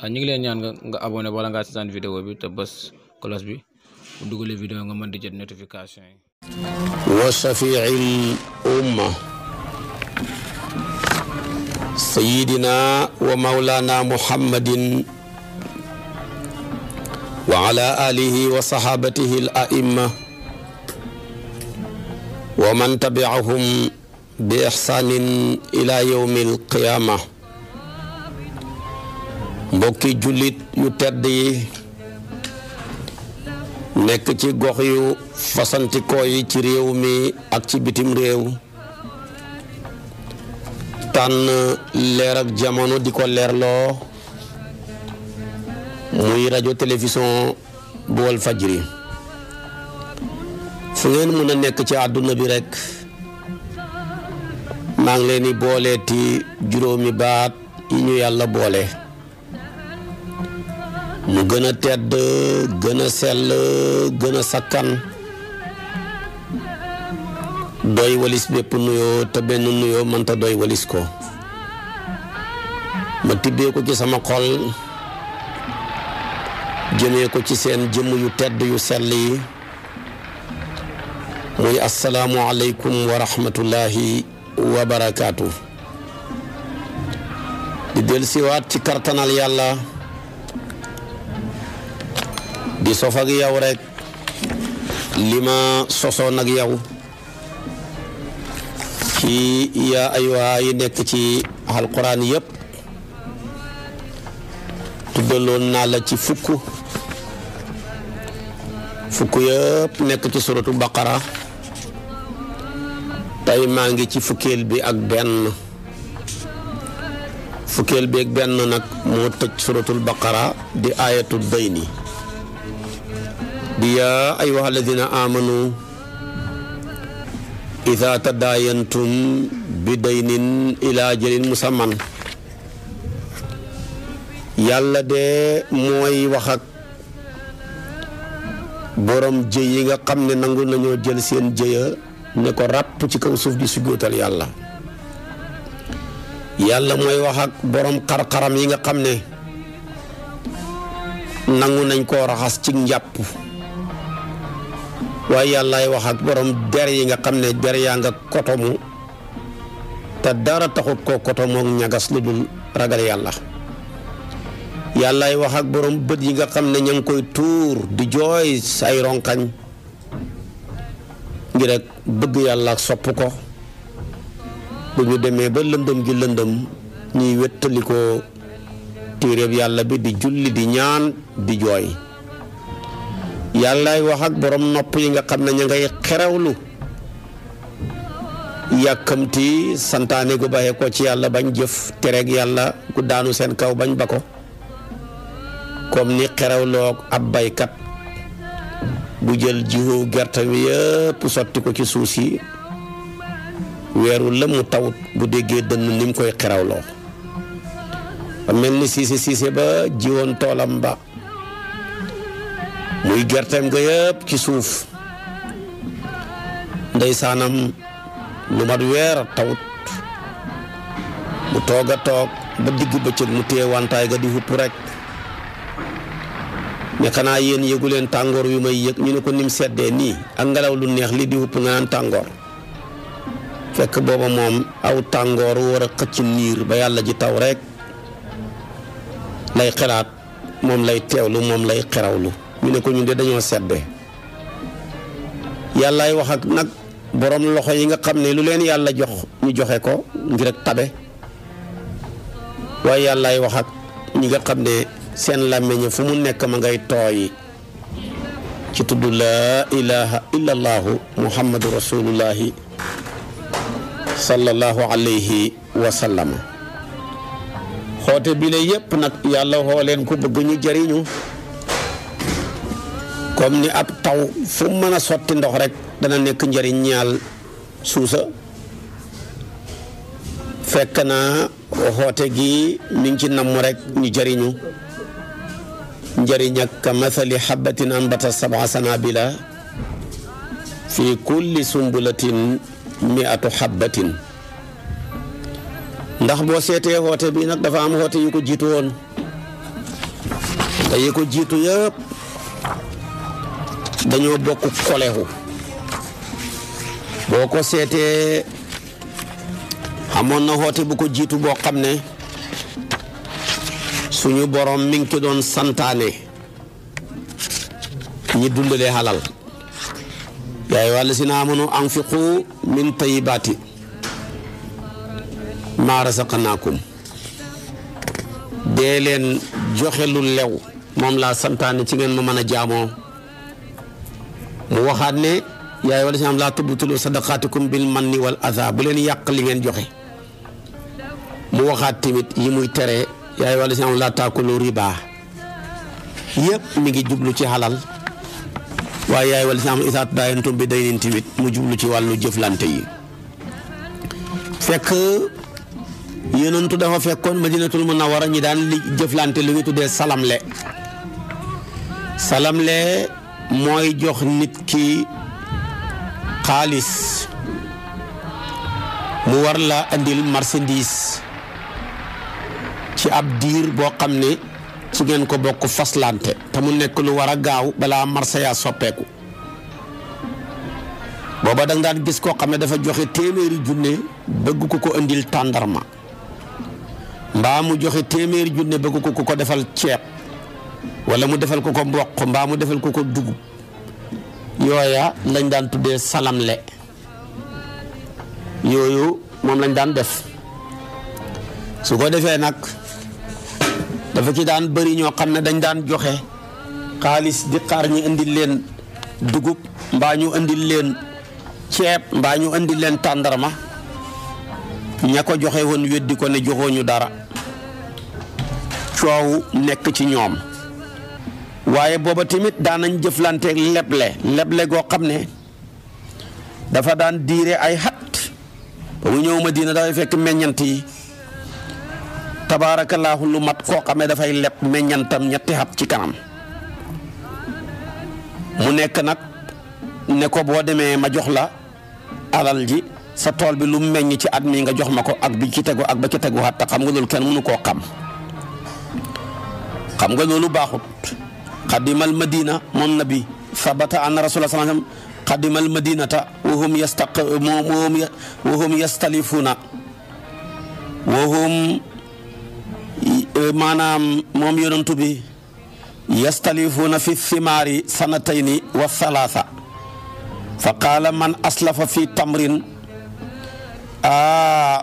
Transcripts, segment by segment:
Ah, ñu ngi leen ñaan nga nga abonné wala bi te bës cloche bi bu dugalee nga mën di jot notification wa shafiil umma sayidina wa maulana muhammadin wa ala wa sahabatihi al wa man tabiahum bi ihsanin ila yawmi al qiyamah mbokki jullit yu tedd yi nekk ci gox yu fasantikoo yi ci réew mi ak ci bitim réew tànn leer ak jamono di ko leerloo muy rajo télévision bu wal fajri fu ngeen mën a nekk ci àdduna bi rekk maa ngi leen di booleeti juróomi baat yi ñu yàlla boole mu gën a tedd gën a sell gën a sakkan doy walis bépp nuyoo te benn nuyoo mënta doy walis ko ma tibbee ko ci sama xol jëmee ko ci seen jëmm yu tedd yu sell yi muy asalaamu aleykum wa rahmatullahi wa barakaatu di dellusiwaat ci kartanal yàlla di sof ak yow rek li ma sosoon ak yow ci yaa ayuha yi nekk ci alquran yépp tuddaloon naa la ci fukk fukk yëpp nekk ci suratu baqara tey maa ngi ci fukkeel bi ak benn fukkeel bi ak benn nag moo tëj suratul baqara di ayatul bayni di yaa ayuha alladina amanu ida tadaayantum bi daynin ila jëlin musamman yàlla de mooy wax ak borom jëy yi nga xam ne nangu nañoo jël seen jëya ne ko ràpp ci kaw suuf di sujjóotal yàlla yàlla mooy wax borom xar yi nga xam ne nangu nañ koo raxas ci njàpp wa yalla wax ak borom der yi nga xamne ne der ya nga kotomu ta dara taxut koo kotomook ñagas lu dul ragal yalla yalla wax ak borom beut yi nga xamne ne koy tour di joy say ronkañ ngi rek bëgg ak sopp ko bu ñu démé ba lëndëm gi lëndëm ñi wétaliko téeréeb yalla bi di julli di ñaan di joy ay wax ak borom nopp yi nga xam ne ngay xerewlu yakamti santane gu baye ko ci yalla bañ jëf ak yalla gu daanu seen kaw bañ bako comme ni xerewloo ab kat bu jël jiwu gerte bi yëpp sotti ko ci suusi si lamu la tawut bu déggé nim koy xerewlo ni sisi ba jiwon tolam ba muy gerteem ga yëpp ci suuf ndeysaanam lu mat weer tawut mu toog a toog ba digg bëccëg mu téye wantaay ga di hupp rekk ne xanaa yéen yëgu leen tàngoor yu may yëg ñu ne ko nim seddee nii ak ngelaw lu neex li di hupp nga naan tàngoor fekk booba moom aw tàngoor war a xëcc niir ba yàlla ji taw rekk lay xelaat moom lay teewlu moom lay xeraw xerawlu mu ne ko ñun de dañoo sedde ay wax ak nag borom loxo yi nga xam ne lu leen yàlla jox ñu joxe ko ngir ak tabe waaye ay wax ak ñi nga xam ne seen làmmeña fu mu nekk ma ngay tooyi ci tudd la ilaha illa allah muhammadu rasulullahi sallallahu alayhi wa sallam xoote bi la yépp nag yàlla ku bëgg ñu jariñu comme ni ab taw fu mën a sotti ndox rek dana nekk njëriñ ñaal suusa fekk naa xoote gi mi ngi ci namm rek ñu jëriñu njëriñ ak ka mathali xabatin ambata sabaa sanabila fi kulli sumbulatin miatu xabatin ndax boo seetee xoote bi nag dafa am xoote yu ko jiitu woon te ko jiitu yëpp dañoo bokk kolewu boo ko seetee amoon na xoote bu ko jiitu boo xam ne suñu borom mi ngi ci doon santaane ñi dundalee halal yaa ayyuhaa llaziina aamanu anfiqu min tayyibaati maa razaqnaakum dee leen joxe lu lew moom laa santaane ci ngeen ma mën a jaamoo mu waxaat ne yaay wala si am laa tubtulu sadaqaatikum bil manni wal aza bu leen yàq li ngeen joxe mu waxaat tamit yi muy tere yaay wala si am laa taakulu riba yëpp mi ngi jublu ci xalal waaye yaay wala si am isaat daayantum bi daynin mu jublu ci wàllu jëflante yi fekk yonentu dafa fekkoon war a ñi daan li jëflante lu ñu tuddee salamle salamle mooy jox nit ki xaalis mu war la indil marchandise ci ab diir boo xam ne su ngeen ko bokk faslante te mu nekk lu war a gaaw balaa marché yaa soppeeku booba da nga daan gis koo xam ne dafa joxe téeméeri junne bëgg ko ko indil tàndarma mbaa mu joxe téeméeri junne bëgg ko ko defal ceeb wala mu defal ko ko mboq mbaa mu defal ko ko dugub yooya lañ daan tuddee salamle yooyu moom lañ daan def su ko defee nag dafa ci daan bari ñoo xam ne dañ daan joxe xaalis di xaar ñu indil leen dugub mbaa ñu indil leen ceeb mbaa ñu indil leen tàndarma ña ko joxe woon weddi ko ne joxoñu dara coow nekk ci ñoom waaye booba tamit daanañ jëflanteeg leble leble goo xam ne dafa daan diire ay xat ba mu ñëw Madina dafay fekk meññant yi tabaarakallaahu lu mat koo xamee dafay leb meññantam ñetti xat ci kanam mu nekk nag ne ko boo demee ma jox la alal ji sa tool bi lu meññ ci at mi nga jox ma ko ak bi ci tegu ak ba ci tegu xat xam nga loolu kenn mënu koo xam xam nga loolu baaxut قدم المدينة من النبي ثبت أن رسول الله صلى الله عليه وسلم قدم المدينة وهم يستق وهم يستلفون وهم مانام موم يونتو بي يستلفون في الثمار سنتين وثلاثة فقال من أسلف في تمر آه،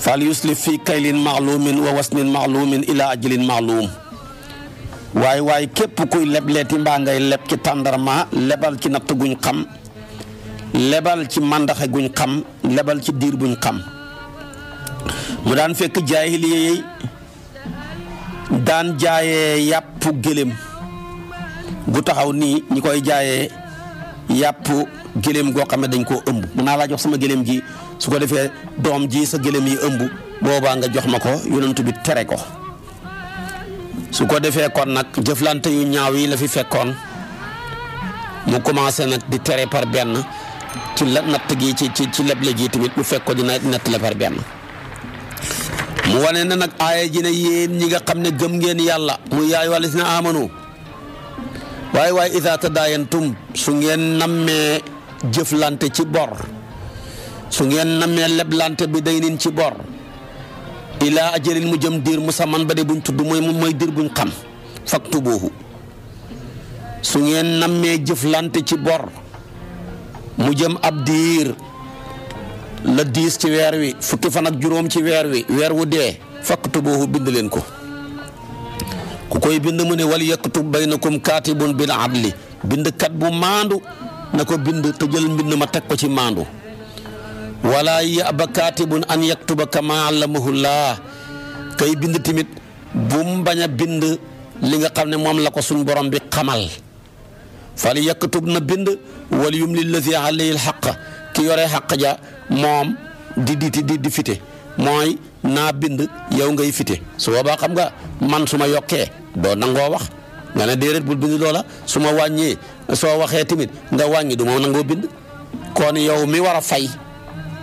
فليسلف في كيل معلوم ووسن معلوم إلى أجل معلوم waaye waaye képp kuy lebleeti mbaa ngay leb ci tàndarma lebal ci natt guñ xam lebal ci màndaxe guñ xam lebal ci diir buñ xam mu daan fekk jaahiliya yi daan jaayee yàpp gëléem gu taxaw nii ñi koy jaayee yàpp gëléem goo xam ne dañ koo ëmb dinaa laa jox sama gëléem gi su ko defee doom ji sa gëléem yi ëmb boobaa nga jox ma ko yonent bi tere ko su ko defee kon nag jëflante yu ñaaw yii la fi fekkoon mu commencé nag di tere par benn ci la natt gi ci ci ci leble ji tamit bu fekkoon dina natt la par benn mu wane na nag aaya ji ne yéen ñi nga xam ne gëm ngeen yàlla mu yaay wàllis na amanu waaye waaye iza tum su ngeen nammee jëflante ci bor su ngeen nammee leblante bi day nin ci bor ilaa ajalin mu jëm diir musamman ba de buñ tudd mooy moom mooy diir buñ xam faktubuhu su ngeen nammee jëflante ci bor mu jëm ab diir la diis ci weer wi fukki fan ak juróom ci weer wi weer wu dee faktubuhu bind leen ko ku koy bind mu ne wal yaktub baynakum kaatibun bil adli bind kat bu maandu na ko bind te jël mbind ma teg ko ci maandu wala yaba kaatibun an yaktuba kama allamahullah kay bind tamit bu mu bañ a bind li nga xam ne moom la ko suñ borom bi xamal fal yaktub na bind wal yumli lazi alayhi alxaq ki yore xaq ja moom di di fite mooy naa bind yow ngay fite su boobaa xam nga man su ma yokkee doo nangoo wax nga ne déedéet bul bind loola su ma wàññee soo waxee tamit nga wàññi du ma nangoo bind kon yow mi war a fay.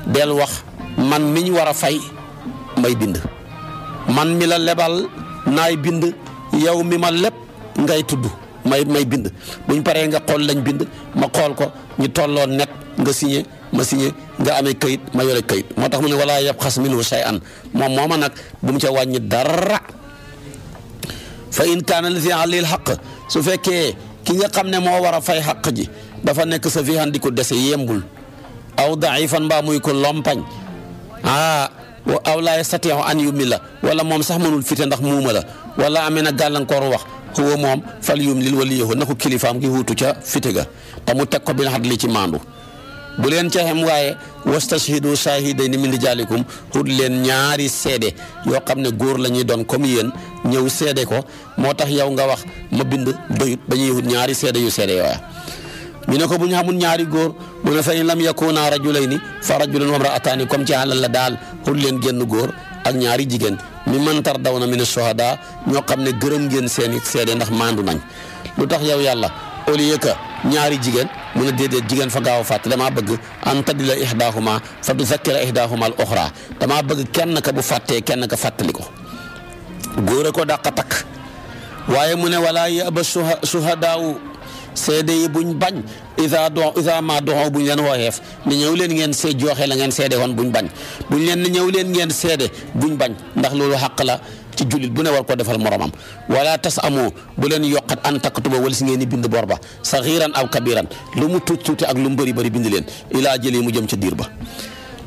del wax man miñ war a fay may bind man mi la lebal naay bind yow mi ma lepp ngay tudd may may bind buñ paree nga xool lañ bind ma xool ko ñu tolloo net nga signé ma signé nga amé kayit ma yoré kayit motax mu ne wala yab xas minhu shay'an mom moma nak bu mu ca wañi dara fa in kana li ali alil xaq su fekke ki nga xamne mo wara fay xaq ji dafa nek sa fi handi ko yembul aw daifan mbaa muy ko lompañ ah aw laa yastatiu an la wala moom sax mënul fite ndax muuma la wala amee na gàllankooru wax huwa moom fal yumlil waliyahu na ko kilifaam ki huutu ca fite ga te mu teg ko bi xat li ci maandu bu leen ca xem waaye wastashhidu shahidayni mindi rijaalikum hut leen ñaari seede yoo xam ne góor la ñuy doon comme yéen ñëw seede ko moo tax yow nga wax ma bind doyut ba ñuy hut ñaari seede yu seede yooya ñu ne ko bu ñu ñaari góor mu ne fa lam yakuna rajulayni fa rajulun wa imraataani comme ci xalal la daal xul leen génn góor ak ñaari jigéen man tar daw na min shuhada ñoo xam ne gërëm ngeen seen i seede ndax maandu nañ lu tax yow yàlla au lieu que ñaari jigéen mu ne déedéet jigéen fa gaaw a fàtte damaa bëgg an tadila ihdahuma fa tuzakkira ihdahuma al oxra damaa bëgg kenn ka bu fàttee kenn ka fàttali ko góor a ko dàq a takk waaye mu ne walaa yaba suhadaawu seede yi buñ bañ isa do isa ma doxoo buñ leen wooyeef ne ñëw ngeen see jooxe ngeen seede woon buñ bañ buñ leen ne ñëw leen ngeen seede buñ bañ ndax loolu xàq la ci jullit bu ne war ko defal moromam wala tas amoo bu leen yokkat an takkatuba wala si ngeen di bind bor ba saxiiran aw kabiran lu mu tuuti tuuti ak lu mu bari bëri bind leen ilaa jëlee mu jëm ca diir ba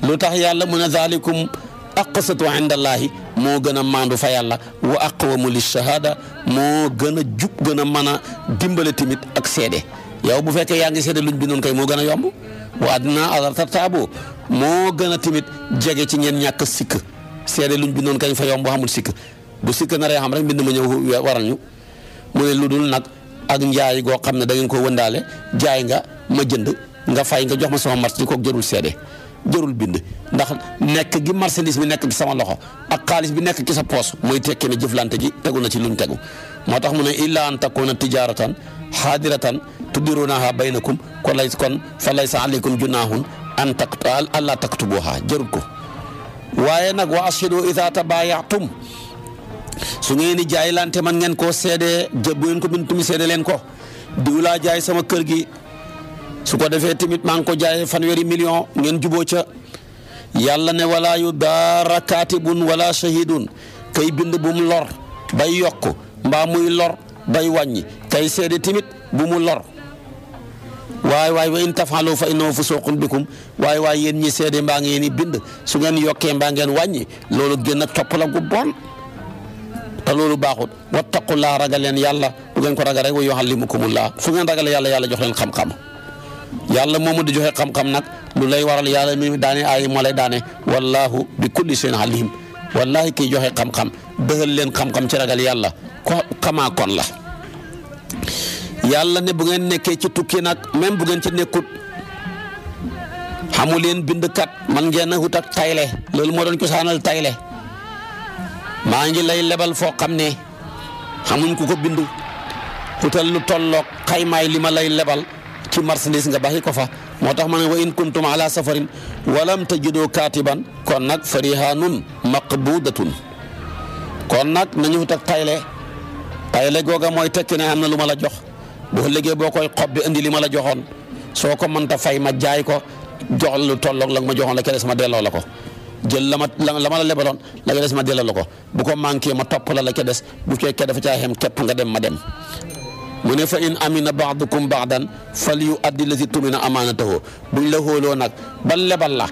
lu tax yàlla mu ne zaalikum aqsatu indallaahi moo gën a maandu fa yàlla wa aqwamu lishahaada moo gën a jub gën a mën a dimbale tamit ak seede yow bu fekkee yaa ngi seede luñ bi noonu kay moo gën a yomb wa adnaa allaa tartaabu moo gën a tamit jege ci ngeen ñàkk sikk seede luñ bi noonu kay fa yomb xamul sikk bu sikk naree xam rek mbind ma ñëw waral ñu mu ne lu dul nag ak njaay goo xam ne da ngeen ko wëndaale jaay nga ma jënd nga fay nga jox ma sama marché kooku jarul seede jërul bind ndax nekk gi marchandise bi nekk ci sama loxo ak xaalis bi nekk ci sa poos mooy tekki ne jëflante ji tegu na ci luñ tegu moo tax mu ne illa an takuna tijaratan xaadiratan tuddirunaha baynakum ko lay kon fa laysa alaykum junahun an takt alla taktubuha jërul ko waaye nag wa ashidu ida tabayatum su ngeen di jaaylante man ngeen ko seede bu ngeen ko bintumi seede leen ko diw laa jaay sama kër gi su ko defee tamit maa ngi ko fan fanweeri million ngeen juboo ca yàlla ne wala yu daara kaatibun wala shahidun kay bind bu mu lor bay yokk mbaa muy lor bay wàññi kay seede tamit bu mu lor waay waay wa in tafalu fa innahu fusuqun bikum waay waay yéen ñi seede mbaa ngeen bind su ngeen yokkee mbaa ngeen wàññi loolu gën a topp la gu bon te loolu baaxut wattaqullaa ragal leen yàlla bu ngeen ko ragal rek wa yuallimukumullah fu ngeen ragalee yàlla yàlla jox leen yàlla moomu di joxe xam-xam nag lu lay waral yàlla mi daane ay ma lay daane wallahu bi kulli shay'in alim wallahi kiy joxe xam-xam dëgal leen xam-xam ci ragal yàlla ko kon la yàlla ne bu ngeen nekkee ci tukki nag même bu ngeen ci nekkut xamu leen bindkat man ngeen a wut ak tayle loolu moo doon cosaanal tayle maa ngi lay lebal foo xam ne xamuñ ku ko bind wutal lu tolloog xaymaay li ma lay lebal ci marchandise nga baxiko fa motax man wa in kuntum ala safarin walam tajidu katiban kon nak farihanun maqbudatun kon nak nañu tak tayle tayle goga moy tekine amna luma la jox boo liggéey bokoy xob bi la joxon soko man ta fay ma jaay ko jox lu tolok la ma joxon la kene sama delo lako ko jël lama ma la lebalon la lebaloon la ma bu ko manqué ma top la la ca dess bu fekkee dafa ca xem kep nga dem ma dem من فإن أمين بعضكم بعضا فليؤدي الذي تمنى أمانته بله لونك بل بل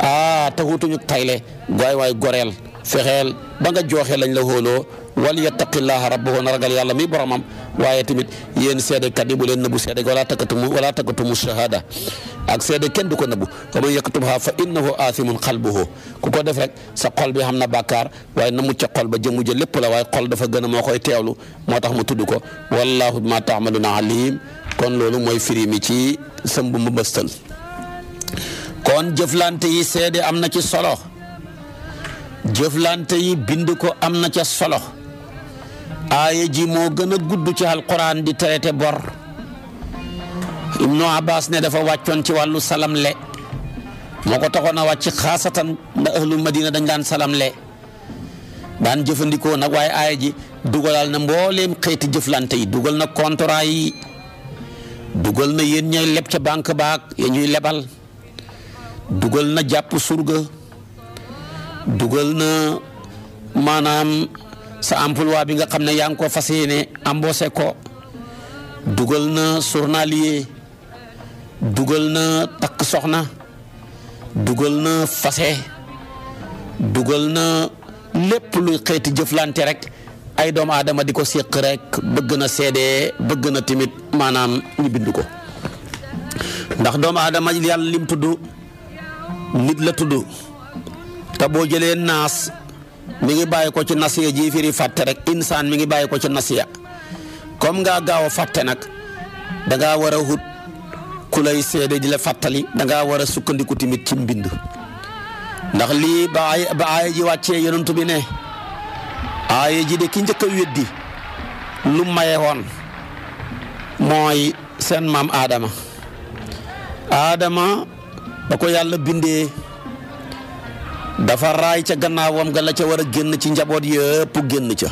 آه تهوتو نيك تايلي غاي واي غوريل فخيل باغا جوخي لاج لا هولو وليتق الله ربه نرجل يالله مي برامم waaye tamit yéen seedekat yi bu leen nëbbu seede wala takkatumu wala takkatumu shahada ak seede kenn du ko nëbbu wa man yaktubha fa innahu aathimun qalbuhu ku ko def rek sa xol bi xam na bakkaar waaye na mucc xol ba jëmu jël lépp la waaye xol dafa gën a moo koy teewlu moo tax mu tudd ko wallahu bima ta'maluna alim kon loolu mooy firi mi ci sëmb mu bëstal kon jëflante yi seede am na ci solo jëflante yi bind ko am na ca solo aaya ji moo gën a gudd ci alquran di traité bor ibnu abbas ne dafa wàccoon ci wàllu salamle moo ko taxoon a wàcc xaasatan ndax ahlul madina dañ daan salamle le daan jëfandikoo nag waaye aaya ji dugalaal na mbooleem xeeti jëflante yi dugal na contrat yi dugal na yéen ñay leb ca banque baag ya ñuy lebal dugal na jàpp surga dugal na maanaam sa emploi bi nga xam ne yaa ngi ko fas yéene embauché ko dugal na journalier dugal na takk soxna dugal na fase dugal na lépp luy xeeti jëflante rek ay doomu aadama di ko séq rek bëgg na seede bëgg na tamit maanaam ñu bind ko ndax doomu aadama yàlla lim tudd nit la tudd te boo jëlee naas mi ngi bàyyi ko ci nasiya ji firi fàtte rek insaan mi ngi bàyyi ko ci nasiya comme ngaa gaaw a fàtte nag da ngaa war a hut ku lay seede di la fàttali da ngaa war a sukkandiku tamit ci mbind ndax lii ba ay ba aaya ji wàccee bi ne aaya ji de ki njëkk a weddi lu maye woon mooy seen maam Adama Adama ba ko yàlla bindee. dafa raay ca gannaawam nga la ca war a génn ci njaboot yëpp génn ca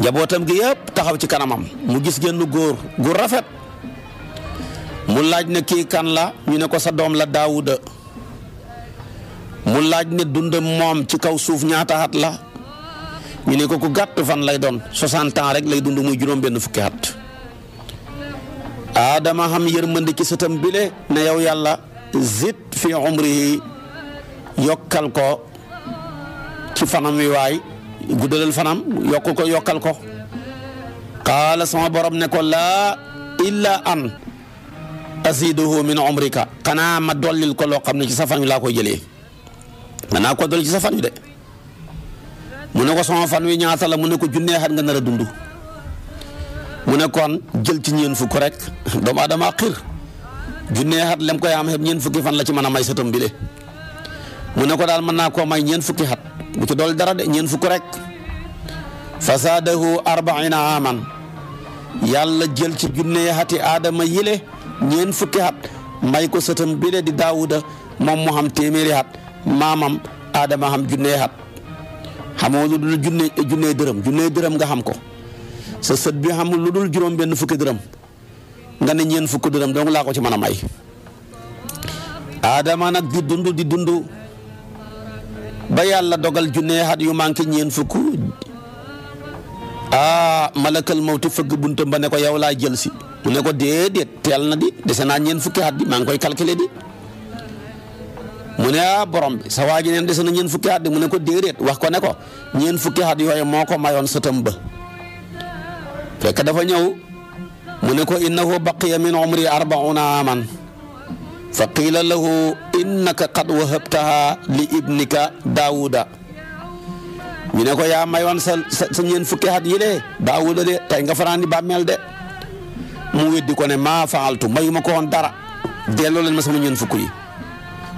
njabootam gi yëpp taxaw ci kanamam mu gis génn góor gu rafet mu laaj ne kii kan la ñu ne ko sa doom la daawuda mu laaj ne dundam moom ci kaw suuf ñaata at la ñu ne ko ku gàtt fan lay doon 60 ans rek lay dund muy juróom-benn fukki at aadama xam yërmande ci sëtam bile ne yow yàlla zid fi umrihi yokkal ko ci fanam wi waay guddalal fanam yokku ko yokkal ko qaala sama borom ne ko la illa an asiduhu min umrika xanaa ma dollil ko loo xam ne ci safan wi laa koy jëlee danaa ko dolli ci sa fan ko sama fan wi ñaata la mu ne ko junnee nga nar a dund mu ne kon jël ci ñeen fukk rek doomu aadama xir junnee xat lem koy am xeb ñeen fukki fan la ci mën a may sëtam bi de mu ne ko dal man na ko may ñen fukki hat bu ci dool dara de ñen fukku rek fasadahu arbaina aman yalla jël ci junne xati adama yile ñen fukki hat may ko bi le di daawuda mom mu xam téeméeri hat mamam adama xam junne xat xamoo lu dul junne junne dërëm junne nga xam ko sa set bi xam lu dul juroom ben fukki dërëm nga ne ñeen fukki dërëm donc la ko ci mëna may adama nak di dundu di dundu ba yàlla dogal junne at yu manqué ñeen fukk ah malakal mawti fëgg buntam ba ne ko yow laa jël si mu ne ko déedéet teel na di dese naa ñeen fukki at di maa ngi koy calculer di mu ne ah borom bi sa waa ji neen dese na ñeen fukki at di mu ne ko déedéet wax ko ne ko ñeen fukki at yooyu moo ko mayoon sa ba fekk dafa ñëw mu ne ko innahu baqiya min umri arbauna aman fa qiila lahu innaka qad wahabtaha li ibnika daawuda ñu ko yaa mayoon sa sa ñeen fukki at yi daawuda de tey nga faraan di bàmmeel de mu weddi ko ne maa faaltu mayuma ko woon dara delloo leen ma sama ñeen fukki yi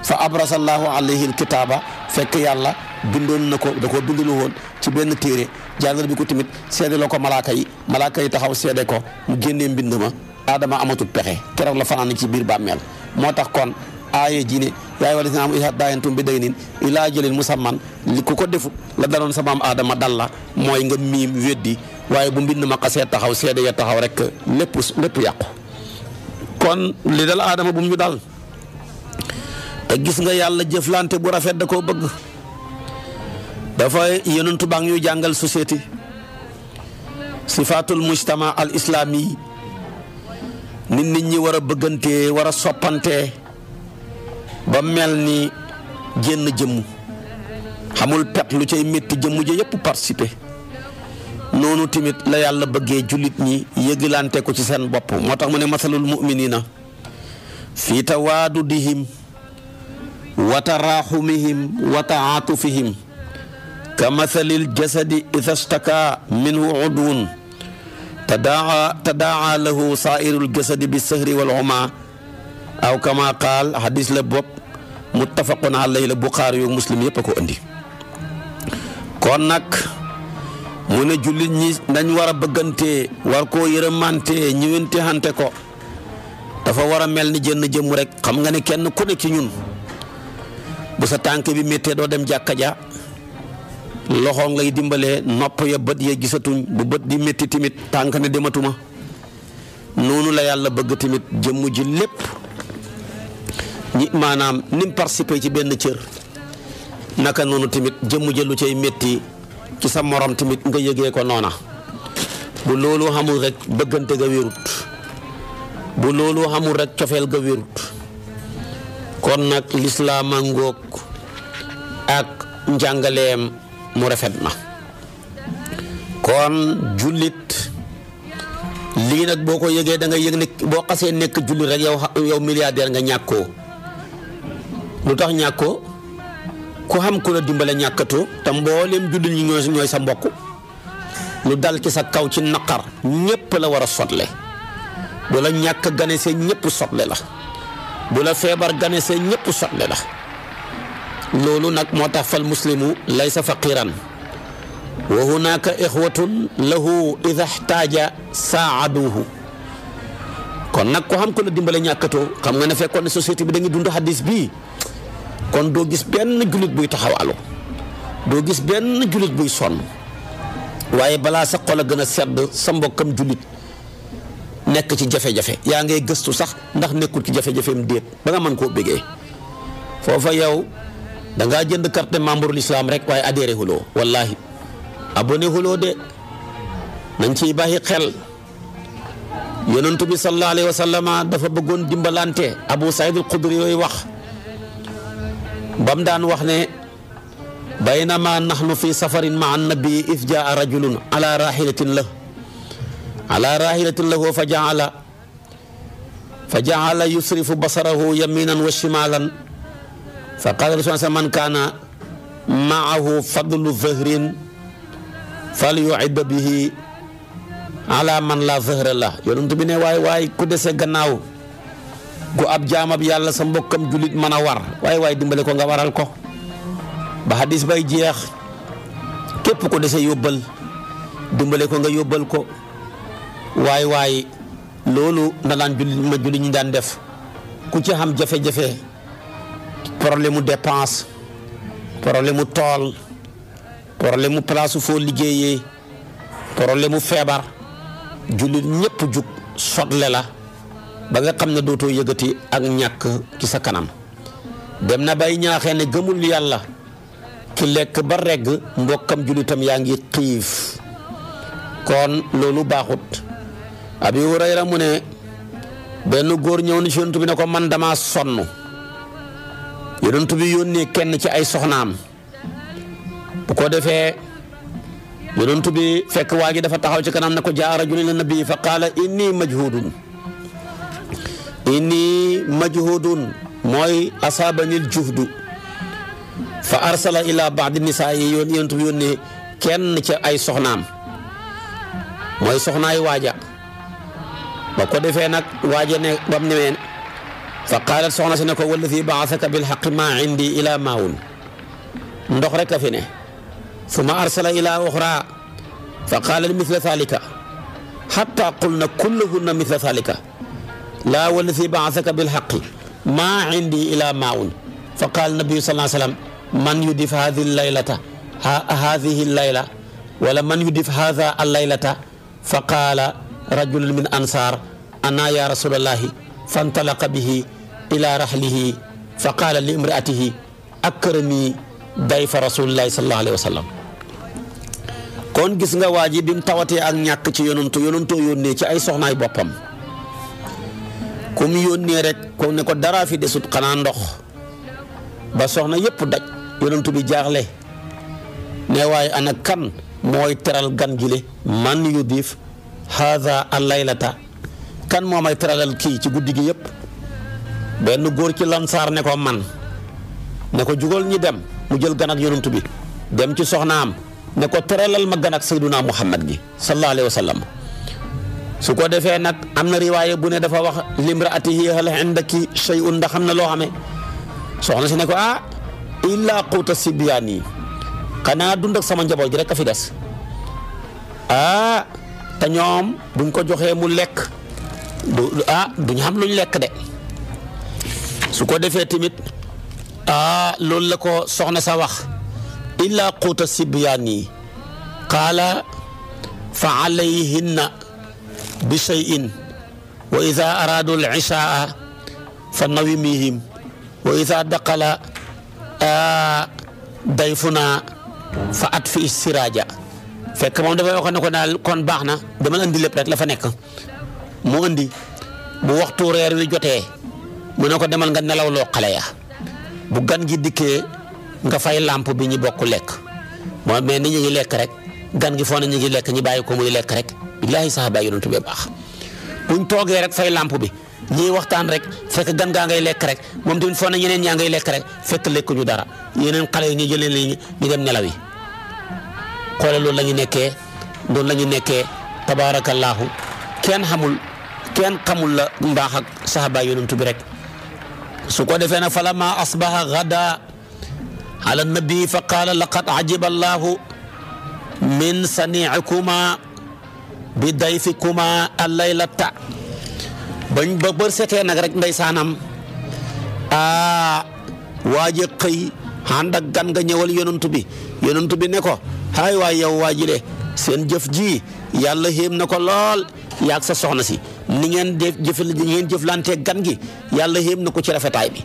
fa abrasallahu alayhi alkitaaba fekk yàlla bindoon na ko da koo bindulu woon ci benn téere jàngal bi ko tamit seede loo ko malaaka yi malaaka yi taxaw seede ko mu génnee mbind ma aadama amatul pexe keroog la fanaan ci biir bàmmeel moo tax kon aaye ji ne yaay wala si am isa daayantum bi day nin ilaa jëlin musamman li ko ko defut la danoon sama am aadama dal la mooy nga miim weddi waaye bu mbind ma xasee taxaw seede ya taxaw rek lépp lépp yàqu kon li dal aadama bu mu ñu dal te gis nga yàlla jëflante bu rafet da koo bëgg dafa yonentu baa ngi ñuy jàngal société sifaatul mujtama al islami nit ñi war a bëggantee wara a soppantee ba mel ni génn jëmm xamul pet lu cay métti jëmm ja yëpp participer noonu tamit la yàlla bëggee jullit ñi yëglante ko ci seen bopp moo tax mu ne masalul muminina fi tawaadudihim wa taraaxumihim wa taatufihim ka masalil jasadi ida staka minhu udwun tadaaxa daa lahu saairul jasadi bi sëhri wal huma aw kama qaal hadis la bopp muttafaqun alayhi la buxaari yu muslim yëpp ko andi kon nag mu ne jullit ñi dañ war a bëggante war koo yërëmante ñëwante xante ko dafa war a mel ni jënn jëmm rek xam nga ne kenn ku ne ci ñun bu sa tànk bi méttee doo dem jàkka ja loxo ngay dimbalee nopp ya bët ya gisatuñ bu bët di métti tamit tànk ne dematuma noonu la yàlla bëgg tamit jëmm ji lépp ñi maanaam nim participer ci benn cër naka noonu tamit jëmm ji lu cay métti ci sa morom tamit nga yëgee ko noona bu loolu xamul rek bëggante ga wérut bu loolu xamul rek cofeel ga wérut kon nag lislaama ngoog ak njàngaleem mu rafet na kon jullit lii nag boo ko yëgee da nga yëg ne boo xasee nekk jullit rek yow yow milliardaire nga ñàkkoo lu tax ñàkkoo ku xam ku la dimbale ñàkkatoo te mbooleem jullit ñi ñooy ñooy sa mbokk lu dal ci sa kaw ci naqar ñépp la war a sotle bu la ñàkk gane see ñépp sotle la bu la feebar gane see ñépp sotle la loolu nag moo tax fal muslimu laysa faqiran wa hunaka ixwatun lahu ida xtaaja saaduhu kon nag ko xam ko la dimbale ñàkkatoo xam nga ne fekkoon ne société bi dañuy dund hadis bii kon doo gis benn julit buy taxaw alo doo gis benn julit buy sonn waaye balaa sa xol a gën a sedd sa mbokkam julit nekk ci jafe-jafe yaa ngay gëstu sax ndax nekkul ci jafe-jafeem déet ba nga mën koo bégee foofa yow da nga jënd carte membre l'islam rek way adhéré hulo wallahi abonné hulo de nañ ci bahi xel yonentu bi sallallahu alayhi wasallam dafa bëggoon dimbalante abou saïd al khudri yoy wax bam daan wax ne baynama nahnu fi safarin ma annabi if rajulun ala rahilatin lahu ala rahilatin lahu fa jaala fa jaala yusrifu basarahu yaminan wa shimalan فقال رسول kana من كان معه فضل ظهر فليعد به ala man la zahra la yonent bi ne waay waay ku dese gannaaw gu ab jaamab yàlla sa mbokkam julit mën a war waay waay dimbale ko nga waral ko ba hadis bay jeex képp ku ko nga yóbbal ko waay waay loolu na def ku ci xam jafe-jafe problème mu dépense problème mu tool problème mu place foo liggéeyee problème mu feebar jullit ñépp jug sotle la ba nga xam ne dootoo yëgati ak ñàkk ci sa kanam dem na bay ñaaxee ne gëmul yàlla ki lekk ba regg mbokkam jullitam yaa ngi xiif kon loolu baaxut a Hurayra mu ne benn góor ñëw na ci Yonent bi ne ko man dama sonn yonent bi yónnee kenn ci ay soxnam bu ko defé bi fekk waa dafa taxaw ci kanam nako jaa rajulun nabi fa qala inni majhudun inni majhudun moy asabani juhdu fa arsala ila ba'd nisaa yi yonent bi yónnee kenn ci ay soxnam moy soxnaay waaja ba ko defee nag waaja ne bam newen فقال سبحان سنك والذي بعثك بالحق ما عندي الى ماون ندخرك فينا ثم ارسل الى اخرى فقال مثل ذلك حتى قلنا كلهن مثل ذلك لا والذي بعثك بالحق ما عندي الى ماون فقال النبي صلى الله عليه وسلم من يدف هذه الليله هذه الليله ولا من يدف هذا الليله فقال رجل من انصار انا يا رسول الله فانطلق به ila rahlihi fa qaala li imraatihi akrami dayfa rasulillahi sallallahu alayhi wa sallam kon gis nga waa ji bi mu tawatee ak ñàkk ci yonantu yonantoo yónnee ci ay soxnaay boppam ku mu yónnee rek ko ne ko daraa fi desut xanaa ndox ba soxna yëpp daj yonantu bi jaaxle ne waaye ana kan mooy teral gan gile man yudiif haada al laylata kan moo may teralal kii ci guddi gi yëpp benn góor ci lansaar ne ko man ne ko jugal ñi dem mu jël gan ak yonent bi dem ci soxnaam ne ko teralal ma gan ak sayduna muhammad gi sallallahu alayhi wa su ko defee nag am na riwaaye bu ne dafa wax limraatihi hal indaki shay'un ndax xam na loo xamee soxna si ne ko ah illaa quuta sibyaan yi xanaa dund ak sama njaboot gi rek a fi des ah te ñoom buñ ko joxee mu lekk du ah duñ xam luñ lekk de suko defé timit ah lol la ko soxna sa wax illa quuta sibyani qala fa alayhinna bi shay'in wa idha aradu alcichaa fa nawimihim wa idha daqala dayfuna fa atfi siraja fek mom dafa dafay ko dal kon baxna dama andi lépp rek la fa nek mo andi bu waxtu reer wi joté bu ne ko demal nga nelawloo xale ya bu gan gi dikkee nga fay lamp bi ñi bokk lekk moo mais ni ñi ngi lekk rek gan gi foo na ñi ngi lekk ñi bàyyi ko muy lekk rek billahi sahaba yonentu be baax buñ toogee rek fay lamp bi ñi waxtaan rek fekk gan gaa ngay lekk rek moom tamit foo na ñeneen ñaa ngay lekk rek fekk lekkuñu dara yeneen xale yi ñu jëlee li ñu dem nelaw yi loolu la ñu nekkee loolu la ñu nekkee tabarakallahu kenn xamul kenn xamul la mbaax sahaba yonentu bi rek su ko defee nag fa lama asbaha gada ala nabi fa qaala laqad ajiba allahu min saniicikuma bi dayfikuma allaylata bañ ba bër setee nag rek ndeysaanam aa waaje xëy ànd ak gan nga ñëwal yonent bi yonent bi ne ko hay waay yow waaji le seen jëf ji yàlla xéem na ko lool yaag sa soxna si ni ngeen def jëf ni ngeen jëflantee gan gi yàlla yéem na ko ci rafetaay bi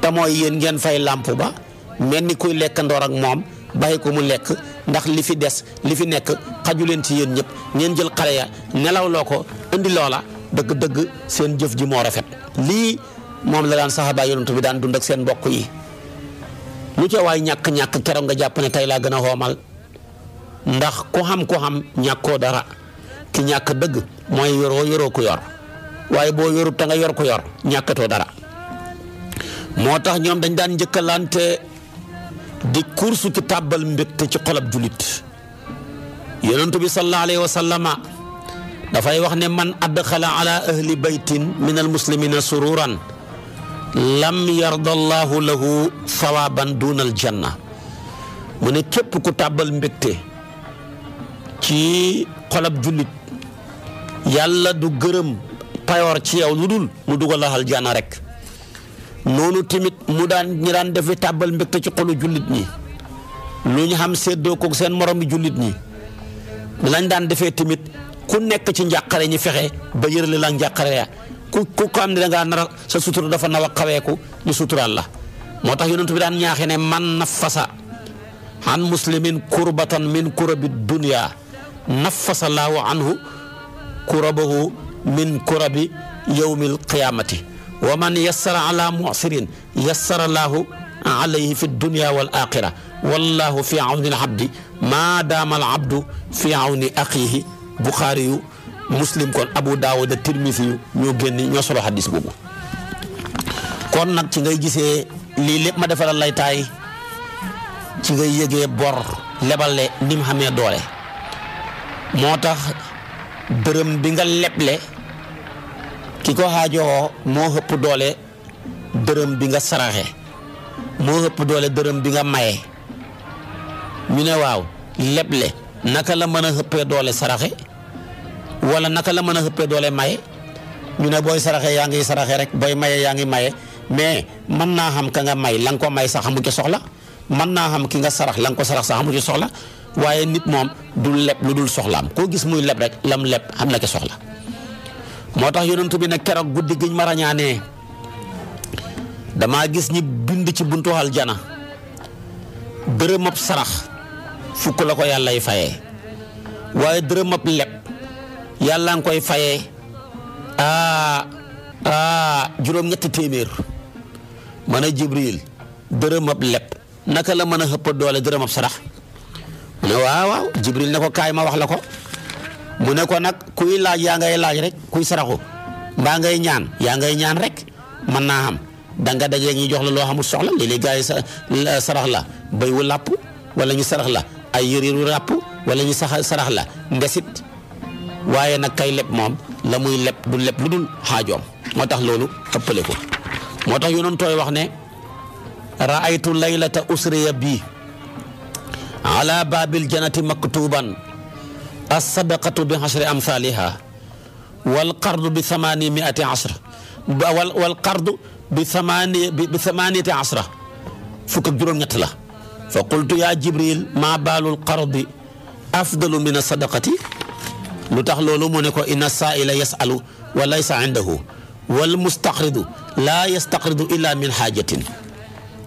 te mooy yéen ngeen fay làmp ba mel ni kuy lekk ak moom bàyyi ko mu lekk ndax li fi des li fi nekk xaju leen ci yéen ñëpp ngeen jël xale ya nelaw loo ko indi loola dëgg-dëgg seen jëf ji moo rafet lii moom la daan saxaaba yonent bi daan dund ak seen mbokk yi lu ca waay ñàkk-ñàkk keroog nga jàpp ne tey laa gën a xoomal ndax ku xam ku xam ñàkkoo dara ki ñàkk dëgg mooy yoroo yoroo ko yor waaye boo yorut ta nga yor ko yor ñàkkatoo dara moo tax ñoom dañ daan njëkkalante di kursu ci tàbbal mbégte ci xolab julit yonentu bi sallallahu alayhi wa sallama dafay wax ne man adxala ala ahli baytin min almuslimina sururan lam yarda allahu lahu sawaban duna aljanna mu ne képp ku tàbbal mbégte ci xolab julit yàlla du gërëm payoor ci yow lu dul mu dugal la aljana rek noonu tamit mu daan ñi daan defi tàbbal mbégte ci xolu jullit ñi lu ñu xam séddoo ko seen moromi jullit ñi lañ daan defee tamit ku nekk ci njaqare ñi fexe ba yërële la njàqare ya ku ku ne da ngaa sa sutura dafa naw a xaweeku ñu suturaal la moo tax yonent bi daan ñaaxee ne man nafasa an muslimin kurbatan min kurabi dunya nafasa anhu kurabahu min kurabi yowmil qiyaamati wa man yassara ala mu'sirin fi dunya wal aaxira wallahu fi awni alabdi maa daama alabdu fi awni axiihi buxaari muslim kon abu daawud a tirmisi yu ñoo solo xadis boobu kon nag ci ngay gisee lii lépp ma defaral lay ci ngay yëgee bor lebal le ni mu doole moo tax dërëm bi nga leble ki ko xaajowoo moo ëpp doole dërëm bi nga saraxe moo ëpp doole dërëm bi nga maye ñu ne waaw leble naka la mën a ëppee doole saraxe walla naka la mën a ëppee doole maye ñu ne booy saraxe yaa ngi saraxee rek booy mayee yaa ngi maye mais mën naa xam ka nga may la nga ko may sax amu ci soxla mën naa xam ki nga sarax la nga ko sarax sax amu ci soxla waaye nit moom du leb lu dul soxlaam koo gis muy leb rek lam leb am na ke soxla moo tax yonentu bi ne keroog guddi giñ ma damaa gis ñi bind ci buntu jana dërëm ab sarax fukk la ko yàllay fayee waaye dërëm ab leb yàlla nga koy fayee aa aa juróom-ñetti téeméer ma ne Jibril dërëm ab leb naka la mën a xëpp doole dërëm ab sarax mu ne waaw waaw Jibril ko kaay ma wax la ko mu ne nag kuy laaj yaa ngay laaj rek kuy saraxu mbaa ngay ñaan yaa ngay ñaan rek mën naa xam da nga dajee ñi jox la loo xamul soxla léeg-léeg gars sarax la béy wu làpp wala ñu sarax la ay yëriru ràpp walla ñu sax sarax la ndesit waaye nag kay leb moom la muy leb du leb lu dul xaajoom moo tax loolu ëppale ko moo tax yu noonu tooy wax ne raaytu laylata usriya bii على باب الجنة مكتوبا الصدقة بعشر أمثالها والقرض بثمانمائة عشر والقرض بثماني بثمانية عشرة فك جرون يتلا فقلت يا جبريل ما بال القرض أفضل من الصدقة لتخ لولو منكو إن السائل يسأل وليس عنده والمستقرض لا يستقرض إلا من حاجة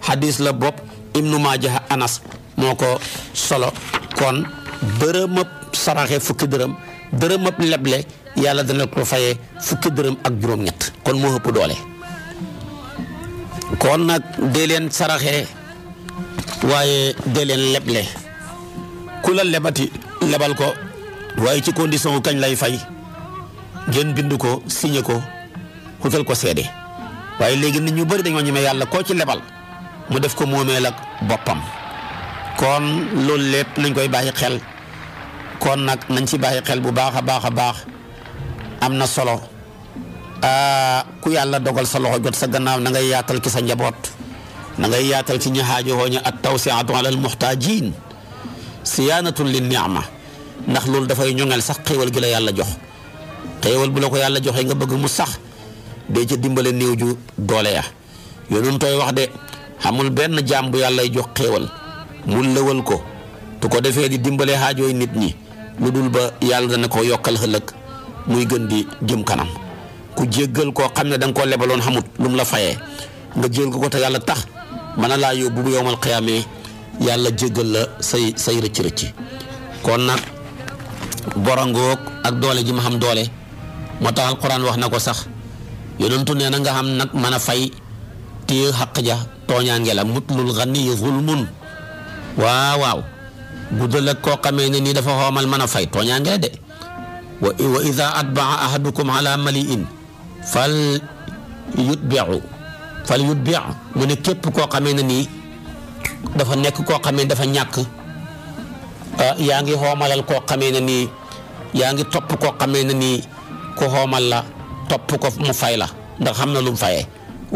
حديث لبوب ابن ماجه أنس moo ko solo kon dërëmab saraxe fukki dërëm dërëmab leble yàlla dana ko fayee fukki dërëm ak juróom-ñett kon moo ëpp doole kon nag dee leen saraxe waaye dee leen leble ku la lebati lebal ko waaye ci condition kañ lay fay ngeen bind ko signé ko xutal ko seede waaye léegi nit ñu bari dañoo ñemee yàlla koo ci lebal mu def ko moomeel ak boppam kon lol lépp nañ koy baye xel kon nak nañ ci baye xel bu baax a baax amna solo ah ku yàlla dogal sa loxo jot sa gannaaw na ngay yaatal ci sa njabot na ngay yaatal ci ñi xaajowoo ñi at tawsiatu ala al-muhtajin siyanatu lin-ni'ma ndax lol da fay ñungal sax xewal gi la yàlla jox xewal bu la ko yàlla joxe nga bëgg mu sax de ci dimbale néew ju doole ya yooyu nun wax de xamul ben jambu yalla jox xewal mu lëwal ko tu ko defee di dimbale xaajooy nit ñi lu dul ba yàlla dana koo yokkal xëlëg muy gën di jëm kanam ku jéggal koo xam ne danga koo lebaloon xamut lu mu la fayee nga jéggal ko te yàlla tax mën a laa yóbbu bu yowmal xiyaamee yàlla jéggal la say say rëcc rëcc kon nag borongook ak doole ji ma xam doole moo tax alquran wax na ko sax yonentu nee na nga xam nag mën a fay téye xaq ja tooñaange la mutlul xani zulmun waaw waaw guddal ak koo xamee ne nii dafa xoomal mën a fay tooñaangee de wa ida atbaa ahadukum ala maliin fal yutbiu mu ne képp koo xamee ne nii dafa nekk koo xamee dafa ñàkk ah, yaa ngi xoomalal koo xamee na nii yaa ngi topp koo xamee na nii ku xoomal la topp ko mu fay la ndax xam na lu mu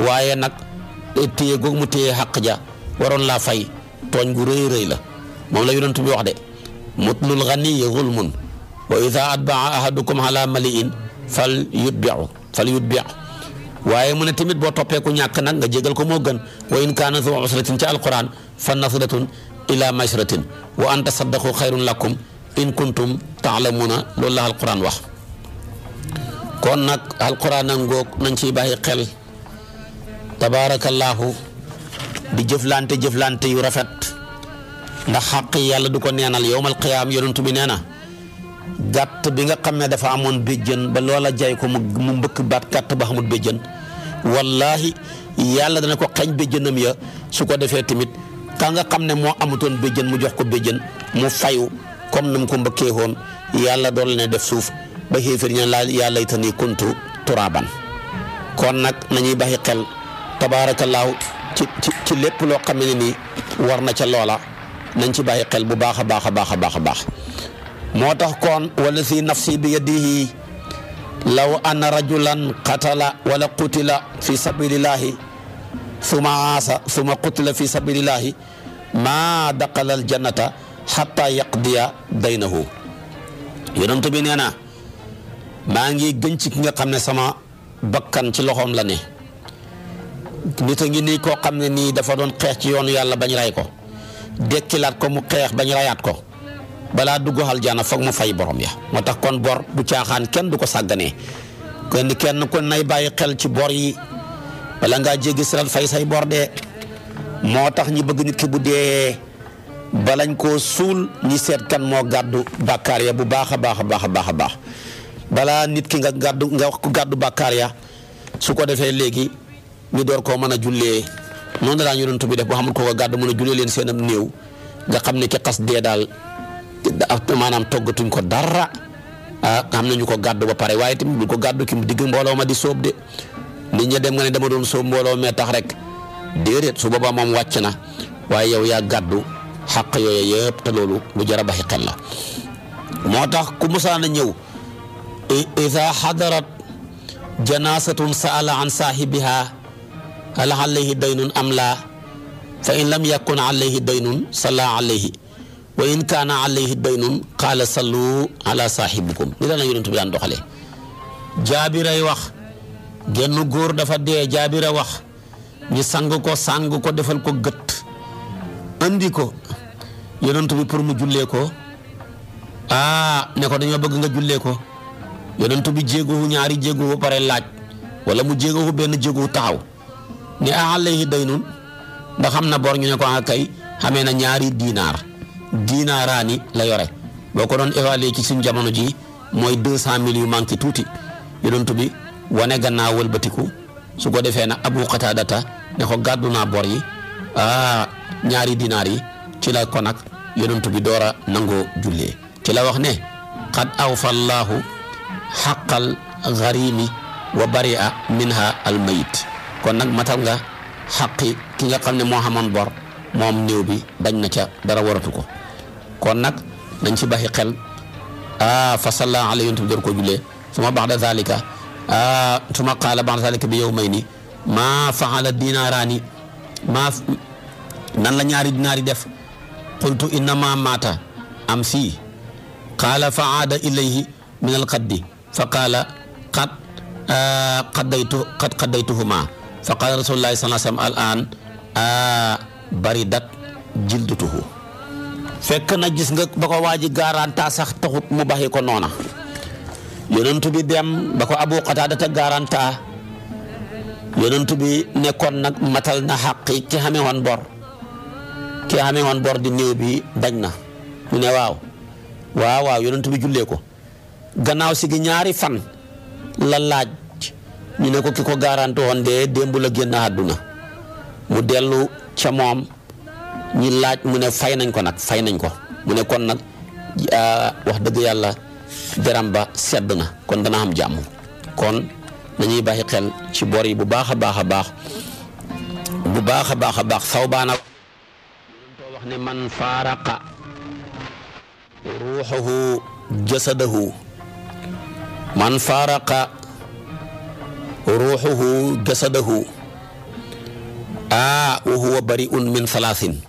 waaye nag téye googu mu téye xàq waroon laa fay tooñ gu rëy rëy la moom la yonent bi wax de mutlul ganiyi gulmun wa ida atbaa ahadukum ala maliin fal yutbiu fal yutbiu waaye mu ne tamit boo toppee ku ñàkk nag nga jéggal ko mo gën wa in kana zu usratin ta alquran fa nasratun ila masratin wa anta saddaqu khairun lakum in kuntum ta'lamuna lolu alquran wax kon nak alquran ngok nañ ciy bàyyi xel tabaarakallaahu di jëflante jëflante yu rafet ndax xàq yàlla du ko neenal yowmal qiyaam yonent bi nee na gàtt bi nga xam ne dafa amoon béjjën ba loola jaay ko mu mu mbëkk baat gàtt ba xamul béjjën wallaahi yàlla dana ko xañ béjjënam ya su ko defee tamit ka nga xam ne moo amutoon béjjën mu jox ko béjjën mu fayu comme ni mu ko mbëkkee woon yàlla dool ne def suuf ba xéefér ñe laa yàlla itani kuntu turaaban kon nag nañuy baxi xel tabaarakallaahu ci ci ci lépp loo xam ne ni war na ca loola nañ ci bàyyi xel bu baax a baax a baax a baax a baax moo tax kon wala si nafsi bi yadihi law anna rajulan qatala wala qutila fi sabilillahi suma aasa suma qutila fi sabilillahi maa daqala aljannata xatta yaqdiya daynahu yonent bi nee na maa ngi gënci ki nga xam ne sama bakkan ci loxoom la ne nit a ngi ko koo ni ni dafa don xex ci yoonu yalla bañ ray ko dekkilat ko mu xex bañ rayat ko duggu hal jana mu fay borom ya motax kon bor du caaxaan kenn du ko sàgganee kon kenn kon nay baye xel ci bor yi bala nga jegi siral fay say bor de motax ñi bëgg nit ki bu de balañ ko sul ñi set kan mo gaddu bàkkaar ya bu baax bala nit ki nga gaddu nga gaddu bàkkaar ya su ko ñu door ko mën a non la ñu doon bi def boo xamul ko ko gadd mën a jullee leen seen am nga xam ci ki xas dal manam maanaam ko dara ah xamna ñu ko gadd ba pare waye tim bu ko gadd ki mu digg mbolo ma di soob de ni ñe dem nga ne dama doon soob mbolo me tax rek déedéet su baba mom wacc na waye yow ya gadd haq yooyu yeb te lolu bu jara bahi xel la ku musa na ñew iza hadarat janasatun sa'ala an sahibiha hal alayhi daynun am laa fa in lam yakun alayhi daynun salla alayhi wa in kaana alayhi daynun qaala sallu ala saahibikum ni la na yonent bi jaabiray wax gennu góor dafa dee jaabira wax ñu sang ko sang ko defal ko gët andi ko yonent bi pour mu jullee ko ah ne ko dañoo bëgg nga jullee ko yonent bi jéegowu ñaari jéegowu ba pare laaj wala mu jéegowu benn jéegowu taxaw ne alayhi daynun ndax xam na bor ñu ne ko ah kay xamee na ñaari diinaar diinaaraani la yore boo ko doon évaluer ci suñ jamono ji mooy deux cent mille yu manqué tuuti yonent bi wane gannaaw walbatiku su ko defee nag abu qataadata ne ko gàddu naa bor yi ah, ñaari dinaar yi ci la ko nag yonent bi door a nangoo jullee ci la wax ne qad awfa allahu xaqal garimi wa a minha al mayit kon nag matal nga xaqi ki nga xam ne moo xamoon bor moom néew bi dañ na ca dara waratu ko kon nag nañ ci baxi xel ah fa salla ala yonent bi door ko jullee suma baxda zalika ah suma qaala baxda zalika bi yow may ni maa faala dinaaraani ñaari dinaar def qultu innama maata am si qaala fa aada ilayhi min alqaddi fa qaala qad ah, qaddaytu fa qaala rasulullahi sallallahu alayhi wa sallam al a bari dat jildutuhu fekk na gis nga ba ko waa garanta sax taxut mu baxi ko noona yonent bi dem ba ko abu qataada ta garanta yonent bi nekkoon nag matal na xaqi ki xame woon bor ki xame di néew bi dañ na mu ne waaw waaw waaw bi jullee ko gannaaw si gi ñaari fan la ñu ne ko ki ko garanti woon de démb la génn àdduna mu dellu ca moom ñi laaj mu ne fay nañ ko nag fay nañ ko mu ne kon nag wax dëgg yàlla deram ba sedd na kon dana am jàmm kon nañuy bàyyi xel ci bor yi bu baax a baax a baax bu baax a baax a baax saw baana wax ne man faaraqa ruuxahu jasadahu man faaraqa ruhuhu jasadahu ah wa huwa bariun min salaasin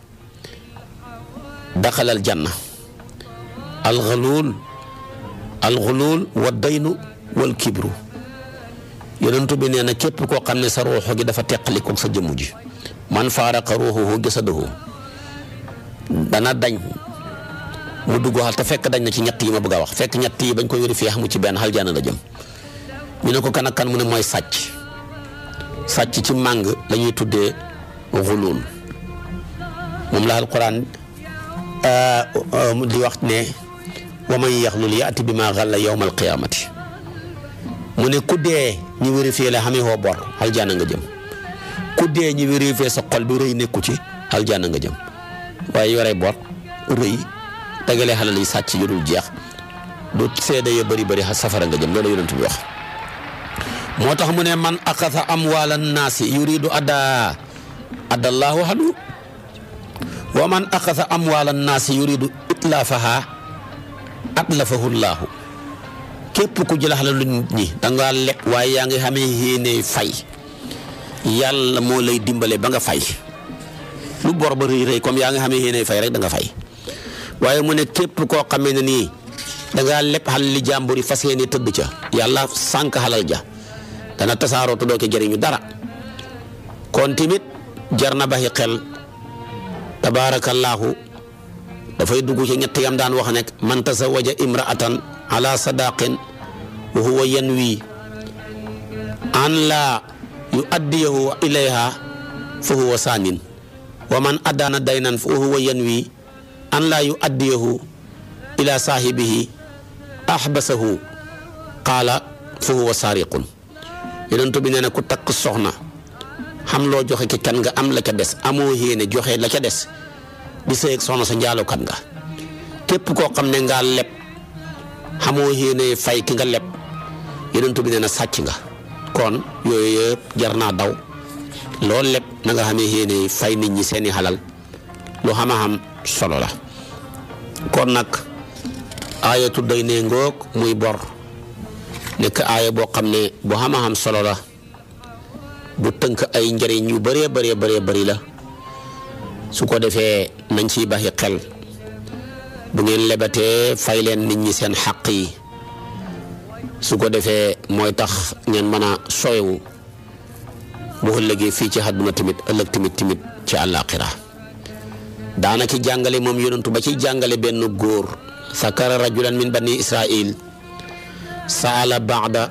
daxala al janna al xaluul al xuluul wa daynu wal kibru yonentu bi nee na képp koo xam ne sa ruuxu gi dafa teqalikoog sa jëmm ji man faaraqa ruuxuhu jasadahu dana dañ mu dugg xal te fekk dañ na ci ñett yi ma bëgg wax fekk ñett yi bañ ko wéri fii xamu ci benn xal jaana la jëm ñu ne ko kan ak kan mu ne moy sacc sacc ci mang lañuy tuddé ghulul mom la alquran euh, di wax ne wa man yaxlul bima bima ma xalla alqiyamati mu ne ku dee ñu vérifié la xamee ho bor aljana nga jëm ku dee ñu vérifié sa xol bi rëy nekku ci jana nga jëm way yore bor reuy tagalé halali yi yu dul jeex du seede bari bari ha safara nga jëm loolu bi wax motax tax mu man akasa amwalan nas yuridu ada, adallahu hadu wa man akasa amwalan nasi yuridu itlafaha atlafahu allah kep ku jël alalu nit ñi da nga lek way ya nga xamee yéene fay yalla mo lay dimbalé ba nga fay lu bor ba rëy rëy comme ya nga xamee yéene fay rek da nga fay waye mu ne kep ko xamee ni da nga lepp hal li jamburi fasiyene teud ca ja dana tasaaroo te doo ko jëriñu dara kon tamit jar na baxi xel tabaarakallaahu dafay dugg ci ñett yam daan wax nekk man tasawaja imraatan ala sadaqin wa huwa yanwi an laa yuaddiyahu ilayha fa huwa saanin wa man addaana daynan fa huwa yanwi an laa yuaddiyahu ila saahibihi ahbasahu qaala fa huwa saariqun yonent bi nee na ku takk soxna xam loo joxe ki kan nga am la ca des amoo yéene joxe la ca des di sëy ak soxna sa njaalukat nga képp koo xam ne ngaa leb xamoo yéene fay ki nga leb yonent bi nee na sàcc nga kon yooyu yëpp jar naa daw loolu leb na nga xamee yéene fay nit ñi seeni xalal lu xamaa xam solo la kon nag aayatu day ne ngoog muy bor nekk aaya boo xam ne bu xam solo la bu tënk ay njariñ yu bëree bëree bëree bari la su ko defee nañ ciy baxi xel bu ngeen lebatee fay leen nit ñi seen xaq yi su ko defee mooy tax ngeen mën a sowewu bu ëllëgee fii ci àdduna tamit ëllëg tamit tamit ci àllaaxira daana ki jàngale moom yonentu ba ci jàngale benn góor sakara rajulan min bani israil saala baada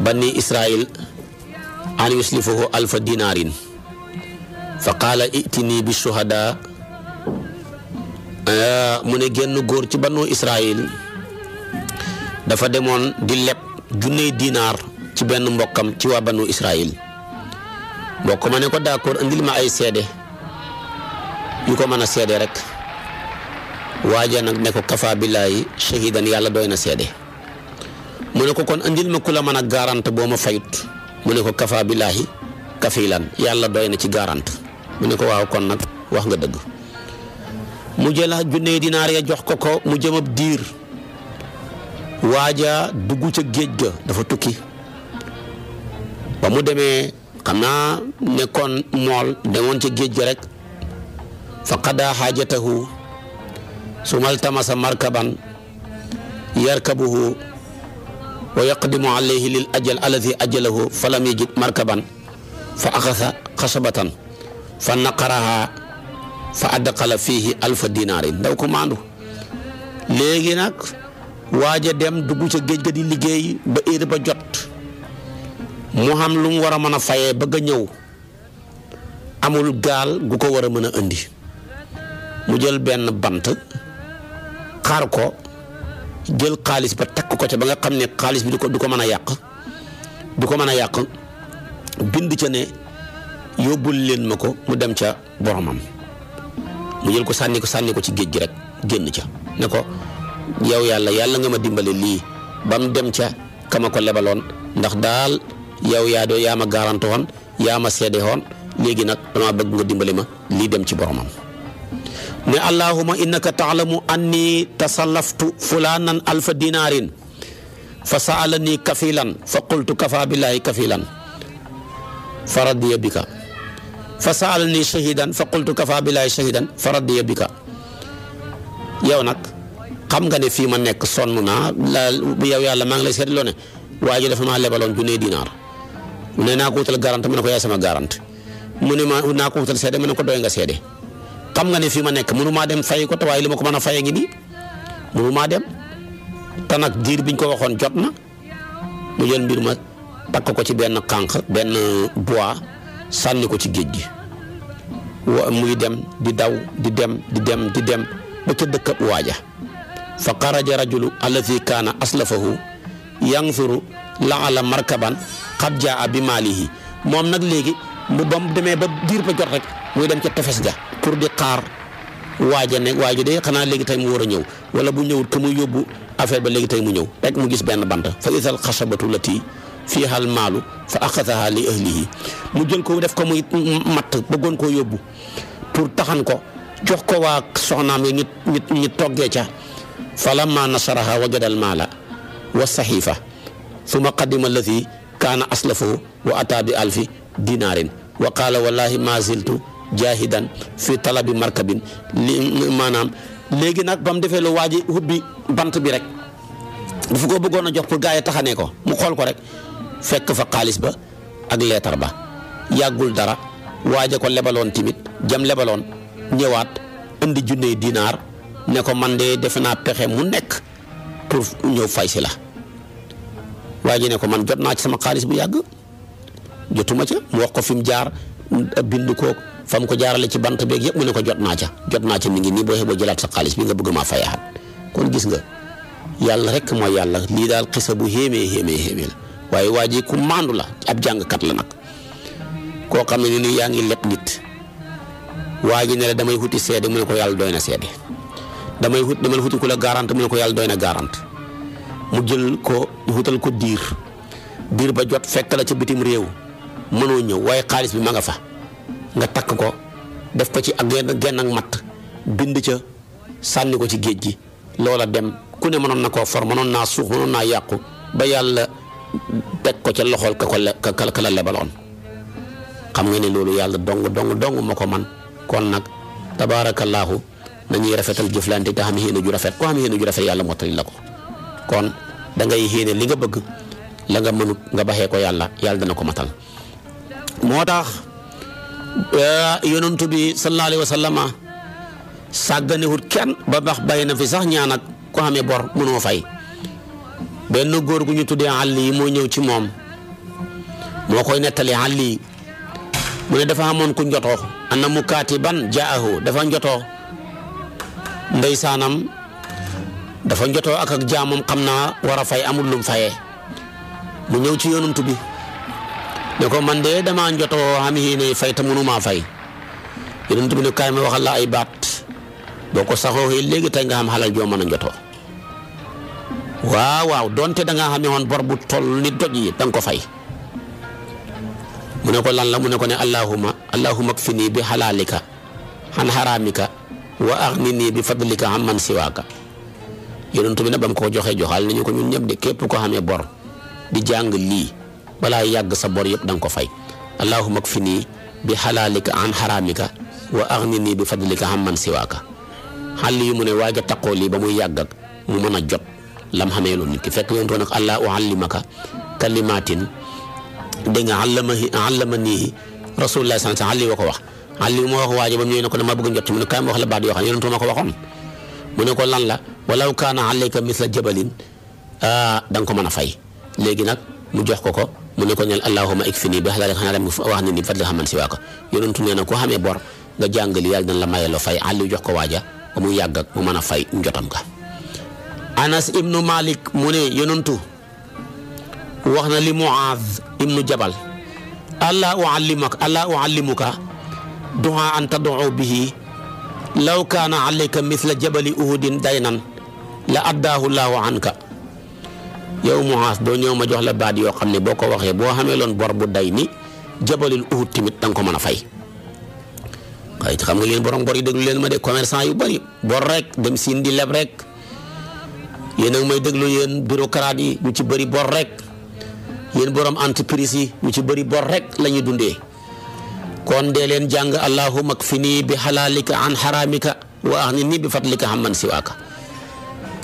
bani israil an yuslifuhu alfa dinaarin fa qaala itini bi shuhada mu ne genn góor ci banu israil dafa demoon di leb junney dinaar ci benn mbokkam ci waa banu israil mbokk ma ne ko d'accord andil ay seede yu ko mën a seede rek waaja nag ne ko kafa billaahi shahidan yàlla doy na seede mu ne ko kon andil ma ku la mën a garante boo ma fayut mu ne ko kafa billaahi kafilan yàlla doy na ci garante mu ne ko waaw kon nag wax nga dëgg mu jëla junne dinaar ya jox ko ko mu jëm ab diir waaja dugg ca géej ga dafa tukki ba mu demee xam naa nekkoon mool demoon ca géej ga rek fa qadaa xaajatahu sumal tamasa markaban yarkabuhu ويقدم عليه للأجل الذي أجله فلم يجد مركبا فأخذ خشبة فنقرها فأدخل فيه ألف دينار ndaw ko maandu léegi nag waaj a dem dugg ca géej ga di liggéey ba heure ba jot mu xam lu mu war a mën a fayee bëgg a ñëw amul gaal gu ko war a mën a indi mu jël benn bant xaar ko jël xaalis ba takk ko ca ba nga xam ne xaalis bi du ko du ko mën a yàq du ko mën a yàq bind ca ne yóbbul leen ma ko mu dem ca boromam mu jël ko sànni ko sànni ko ci géej gi rek génn ca ne ko yow yàlla yàlla nga ma dimbale lii ba mu dem ca kama ko lebaloon ndax daal yow yaa doo yaa ma garante woon yaa ma seede woon léegi nag dama bëgg nga dimbale ma lii dem ci boromam. ne allahuma innaka taalamu anni tasallaftu fulanan alfa dinarin fa saalani kafilan fa qultu kafa billahi kafilan fa radiya bika fa saalani shahidan fa qultu kafa billahi shahidan fa radiya bika yow nag xam nga ne fii ma nekk sonn naa la yow yàlla maa ngi lay seetloo ne waa ji dafa maa loon junne dinaar mu ne naa ko wutal garante mu ne ko yaay sama garante mu ne ma naa ko wutal seede mu ne ko doy nga seede xam nga ne fi ma nekk saya maa dem fay ko te waaye li ma ko mën a fay ngi nii mënu dem te nag diir biñ ko waxoon jot na mu jël mbir ma takk ko ci benn kànq benn bois sànni ko ci géej wa muy dem di daw di dem di dem di dem ba ca dëkkab waaja fa xaraja rajulu allazi kaana aslafahu yanzuru laala markaban xad jaa bi maalihi moom nag léegi mu bam demee ba diir ba jot rek muy dem ca tefes ga pour di xaar waaja ne waaja de xanaa léegi tey mu war a ñëw wala bu ñëwut ka mu yóbbu affaire ba léegi tey mu ñëw rek mu gis benn bant fa isal xasabatu lati fiiha al maalu fa axadaha li ahlihi mu jël ko def ko muy mat bëggoon koo yóbbu pour taxan ko jox ko waa soxnaam yi ñu ñit ñi toggee ca fa lamma nasaraha wajada al maala wa saxiifa summa qadima allati kaana aslafahu wa ataa bi alfi dinaarin wa qaala wallahi ma ziltu jaahidan fi talabi markabin li maanaam léegi nag ba mu defee lu waa ji bi bant bi rek dafa ko bëggoon a jox pour gaa yi taxanee ko mu xool ko rek fekk fa xaalis ba ak leetar ba yàggul dara waaja ko lebaloon timit jam lebaloon ñëwaat indi junney dinaar ne ko man de defe naa pexe mu nekk pour ñëw fay si la waa ji ne ko man jot naa ci sama xaalis bu yàgg jotuma ca mu wax ko fi mu jaar bind ko fa mu ko jaarale ci bant beeg yëpp mu ne ko jot naa ca jot naa ca ngi nii boo xeboo jëlaat sa xaalis bi nga bëgg maa fayaat kon gis nga yàlla rek mooy yàlla lii daal sa bu xéemee xéemee la waaye waa ji ku maandu la ab jàngkat la nag koo xam ne ni yaa ngi leb nit waa ji damay xuti seede mu ne ko yàlla doy na seede damay xut damay xuti ku la garante mu ne ko yàlla doy na garante mu jël ko xutal ko diir diir ba jot fekk la ca bitim réew mënoo ñëw waaye xaalis bi ma nga fa. nga takk ko def ko ci ak genn matt bind ca sànni ko ci géej gi loola dem ku ne mënoon na koo for mënoon naa suux mënoon naa yàqu ba yàlla teg ko ca loxol ka ko le ka la lebaloon xam nga ne loolu yàlla dong dong dong ma ko man kon nag tabaarakallaahu nañuy rafetal jëflante te xam yéene ju rafet ko xam yéene ju rafet yàlla mottali la ko kon dangay ngay li nga bëgg la nga mënut nga baxee ko yàlla yàlla dana ko matal moo tax yonantu bi sallallahu alayhi wa sallama sàgganewut kenn ba bax bàyyi na fi sax ñaan ak ku xamee bor mënoo fay benn góor gu ñu tuddee àll moo ñëw ci moom moo koy nettali àll yi mu ne dafa amoon ku am na mu kaati ban jaahu dafa njotoo ndeysaanam dafa njotoo ak ak jaamam xam naa war a fay amul lum fayee mu ñëw ci yonantu bi ne ko man de dama njotoo xam hiine fay te mënuma fay yonent bi ne kaay ma waxal la ay bat boko saxo he legi tay nga xam halal joo man njoto waaw waaw donte da nga ni hon bor bu toll ni doji dang ko fay mu ko lan la allahumma allahumma kfini bi halalika an haramika wa aghnini bi fadlika amman siwaka yonentu bi ne bam ko joxe joxal ni ko ñun ñep de kep ko xamé bor di jang li balaa yàgg sa bor yëpp da nga ko fay allahumma fi nii bi xalaalika an xaraamika wa agni nii bi fadlika am man siwaaka xàll yi mu ne waaj a taqoo lii ba muy yàgg ak mu mën a jot lam xamee loolu nit ki fekk leen toon nag allah uallimaka kalimaatin dégg nga allamahi allama niihi rasulullah sallallahu alayhi wa ko wax alli moo wax waajo ba mu ñëwee ne ko dama bëgg njot ci mu ne kaay ma wax la baat yoo xam ma ne ko lan la walaw kaana alayka misla jabalin ah, da nga ko mën a fay léegi nag mu jox ko ko mu ne ko neel allahuma ikfini bi xalaali xanaa dem wax ne ni fadli xaman si waa ko yonentu nee na koo xamee bor nga jàngali yàlla dana la mayeloo fay àlli jox ko waaja ba mu yàggak ak mu mën a fay njotam ga anas ibnu malik mu ne yonentu wax na li muaz ibnu jabal allah uallimak allah uallimuka duha an tadoo bihi law kaana alayka mithla jabali uhudin daynan la addaahu laahu anka yow has do ñëw ma jox la baat yo xamne boko waxe bo waxee lon bor bu day ni jabalil uhud timit da ko mëna fay waaye xam nga yéen borom bor yi déglu leen ma de commerçant yu bari bor rek dem siin di leb rek yeen nak may déglu yeen bureaucrate yi ñu ci bari bor rek yeen borom entreprise yi ñu ci bari bor rek lañu dundé kon de leen jang allahumma kfini bi halalika an haramika wa ahnini bi fadlika amman siwaaka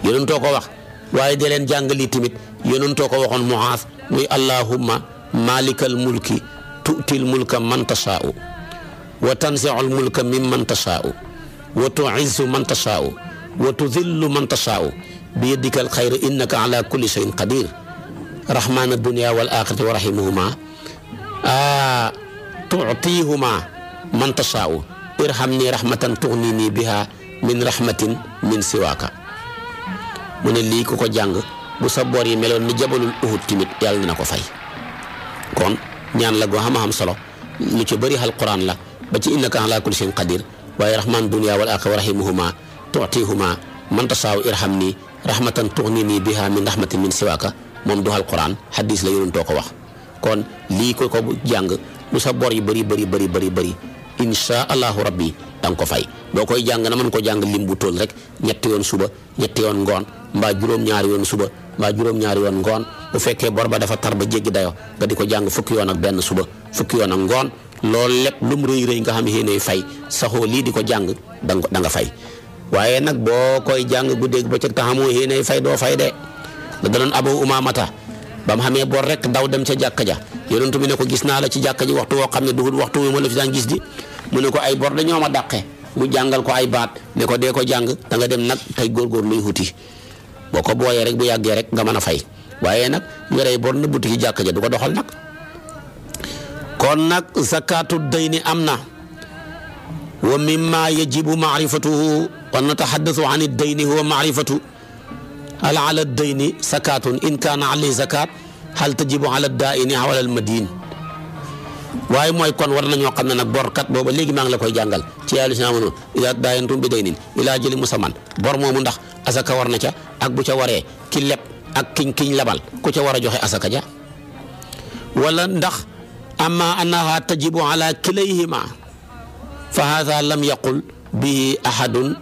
yéen ko wax waye da len jàng lii tamit yonentoo ko waxon muhaas muy allahumma malikal mulki tu'til mulka man tasha'u wa tanzi'ul mulka mimman tasha'u wa tu'izzu man tasha'u wa tudhillu man tasha'u bi yadika al khair innaka ala kulli shay'in qadir rahman ad dunya wal akhirati wa rahimuhuma آه tu'tihuma من تشاء ارحمني رحمة تغنيني بها من رحمة من سواك mu ne lii ku ko jàng bu sa bor yi meloon ni jabalul uhud timit yàlla dina ko fay kon ñaan la go xam-xam solo lu ci bari alquran la ba ci innaka ala kulli shay'in qadir wa yarhamun dunya wal akhirah rahimuhuma tu'tihuma man tasaw irhamni rahmatan tughnini biha min rahmatin min siwaka mom du alquran hadis la yonentoo ko wax kon li ko ko jang bu sa bor yi bari bari bari bari bari insha allah rabbi dang ko fay bokoy jang na man ko jang limbu tol rek ñetti yon suba ñetti yon ngon mbaa juróom-ñaari yoon suba mbaa juróom-ñaari yoon ngoon bu fekkee bor ba dafa tar ba jéggi dayo nga di ko jàng fukki yoon ak benn suba fukki yoon ak ngoon loolu lépp lu mu rëy rëy nga xam ne fay saxoo lii di ko jàng da nga fay waaye nag boo koy jàng guddeeg ba cëg taxamoo xéenay fay doo fay de da danoon abu umamata ba mu xamee bor rek daw dem ca jàkka ja yonentu bi ne ko gis naa la ci jàkka ji waxtu woo xam ne duhul waxtu wi ma la gis di mu ne ko ay bor dañoo ma dàqe mu jàngal ko ay baat ne ko dee ko jàng da nga dem nag tey góorgóor luy xuti boo ko booyee rek bu yàggee rek nga mën a fay waaye nag yorey bor na boutique yi jàkka ja du ko doxal nag kon nag zakatu dayni am na wa mimma yajibu maarifatuhu wa nataxaddasu an dayni huwa maarifatu al ala dayni zakatun in kaana ali zakat hal tajibu ala daini aw ala al madin waaye mooy kon war nañoo xam ne nag bor kat booba léegi maa la koy jàngal ci yàlla si amoon ila daayantum bi day nin ilaa jëli musaman bor moomu ndax asaka war na ca ak bu ca waree ki leb ak kiñ kiñ labal ku ca war a joxe asaka ja wala ndax amma annaha tajibu ala lam yaqul bihi ahadun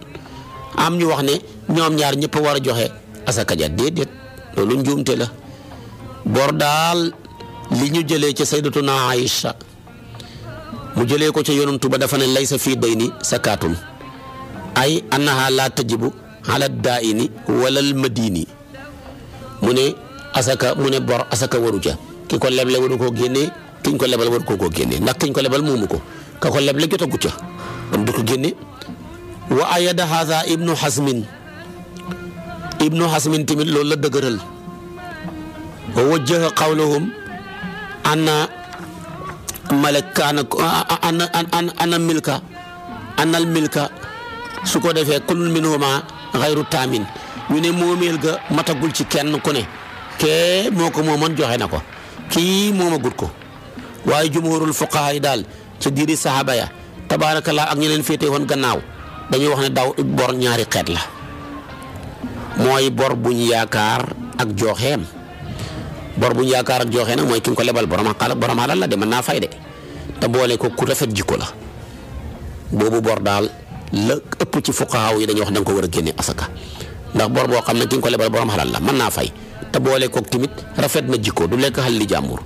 ñu wax ne ñoom ñaar ñëpp war a joxe asaka ja déedéet loolu njuumte la bor daal li ñu jëlee ci saydatuna Aïcha mu jëlee ko ca yonantu ba dafa ne laysa fii dayni sakaatun ay annaha laa tajibu ala daini wala al madini mu ne asaka mu ne bor asaka waru ca ki ko leble waru koo génnee kiñ ko lebal waru koo koo génnee ndax kiñ ko lebal moomu ko ka ko leble jotagu ca kon du ko génne wa ayada haza ibnu hasmin ibnu hasmin tamit loolu la dëgëral wa wajjaha qawlahum anna malaka ana ana milka anal milka su ko defee kullun minhuma xayru taamin ñu ne moomeel ga matagul ci kenn ku ne kee moo ko moomoon joxe na ko kii moomagut ko waaye jumhurul fuqaha daal ci diiri saxaaba ya tabaarakallaa ak ñi leen féete woon gannaaw dañuy wax ne daw bor ñaari xeet la mooy bor buñ yaakaar ak joxeem bor bu yaakaar ak joxe nak moy ki ko lebal borom xala borom ala la de mën naa fay de ta boole ko ku rafet jikko la bobu bor dal le ëpp ci fuqaaw yi dañu wax da ko wara a asaka ndax bor bo xamne ne ko lebal borom alal la man na fay ta boole ko timit rafet na jikko du lek hal li jàmbur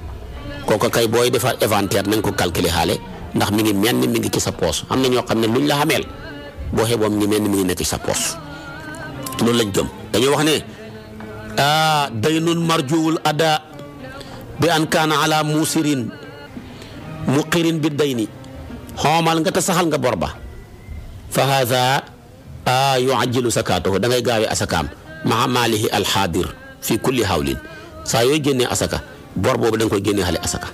koko kay boy defal inventaire na ko calculer halé ndax mi ngi mel ni mi ngi ci sa am na ño xamne luñ la bo xé bom ngi mel mi ngi nekk ci sa loolu lañ gëm dañu wax ne ah daynun marjuwul ada bi an kaana ala musirin muqirin bi dayni xoomal nga te saxal nga bor ba fa haada a yuajilu sakaatahu dangay ngay gaawee asakaam maa maalihi alxaadir fi kulli hawlin saa yooy génnee asaka bor boobu da nga koy génnee xale asaka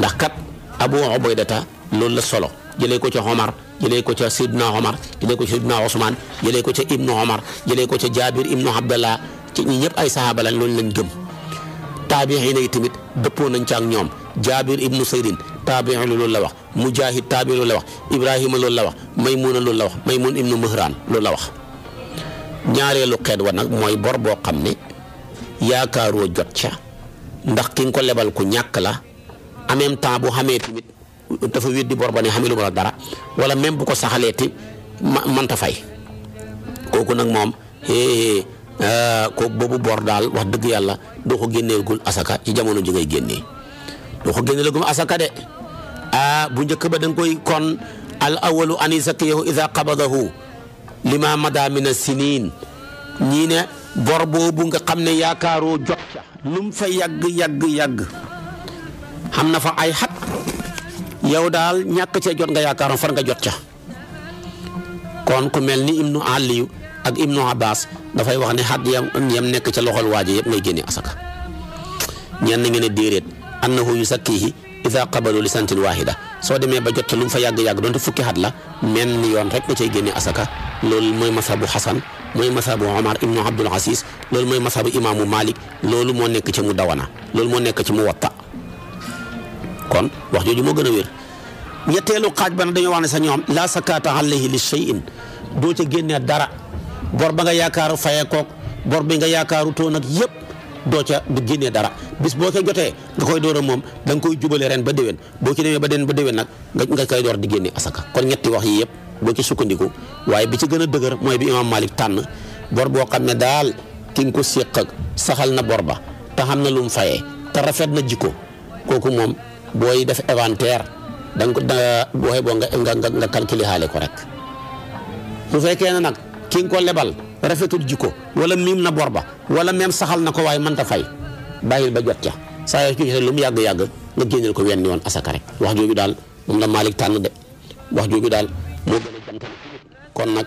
ndax kat abu ubaydata loolu la solo jëlee ko ca Omar jëlee ko ca Sidna Omar jëlee ko ca Sidna Ousmane jëlee ko ca Ibnu Omar jëlee ko ca Jaabir Ibnu Abdallah ci ñi ñëpp ay saxaaba lañ loolu lañ gëm taabiin yi tamit dëppoo nañ ca ak ñoom jaabir ibnu saydin taabiin loolu la wax mujahid taabiin loolu la wax ibrahima loolu la wax maymuna loolu la wax maymun ibnu mahran loolu la wax ñaareelu xeet wa nag mooy bor boo xam ne yaakaaroo jot ca ndax ki nga ko lebal ku ñàkk la en même temps bu xamee tamit dafa weddi bor ba ne xamee lu ma dara wala même bu ko saxalee ti manta fay kooku nag moom Euh, ko boobu bor daal wax dëgg yàlla doo ko génneegul asaka ci jamono ji ngay génnee doo ko génneegul asaka de ah bu njëkk ba da koy kon al awalu an yuzakiyahu ida qabadahu lima mada min as-sinin ñii ne bor boobu nga xam ne yaakaaroo jot ca lu fa yàgg yàgg yàgg xam na fa ay xat yow daal ñàkk cee jot nga yaakaaroon far nga jot ca kon ku mel ni ibnu aliyu ak Ibnu Abbas dafay wax ne xat yam yam nekk ca loxol waajo yëpp ngay génne asaka ñenn ngeen ne déeréet annahu yusakkihi ida qabalu li santin waahida soo demee ba jot lu mu fa yàgg-yàgg doonte fukki xat la menn yoon rek nga cay mooy masabu Xasan mooy masabu Omar ibnu Abdul Aziz loolu mooy masabu imaamu Malik loolu moo nekk ci mu dawana moo nekk ci mu watta kon wax moo gën a wér ñetteelu xaaj ba nag dañoo wax ne sa ñoom laa sakaata alayhi li shay'in doo ca génne dara bor ba nga yaakaaru faye kok bor bi nga yaakaaru to ak yépp doo ca du génnee dara bis boo ca jotee nga koy door a moom da nga koy jubale ren ba déwén boo ci demee ba déwén ba déwén nag nga nga koy door di génne asaka kon ñetti wax yi yépp boo ci sukkandiku waaye bi ci gën a dëgër mooy bi imam malik tan, bor boo xam ne daal ki nga ko séq ak saxal na bor ba te xam na lu mu fayee te rafet na jikko kooku moom booy def inventaire da nga ko da boo nga nga nga calculer xaale ko rek su fekkee ne nag ki ko lebal rafetul jikko wala miim na bor ba wala même saxal na ko waaye mënta fay bàyyil ba jot ca saa yoo ci lu mu yàgg yàgg nga génneel ko wenn yoon asaka rek wax jooju daal moom la Malick tànn de wax jooju daal moo gën a jantal kon nag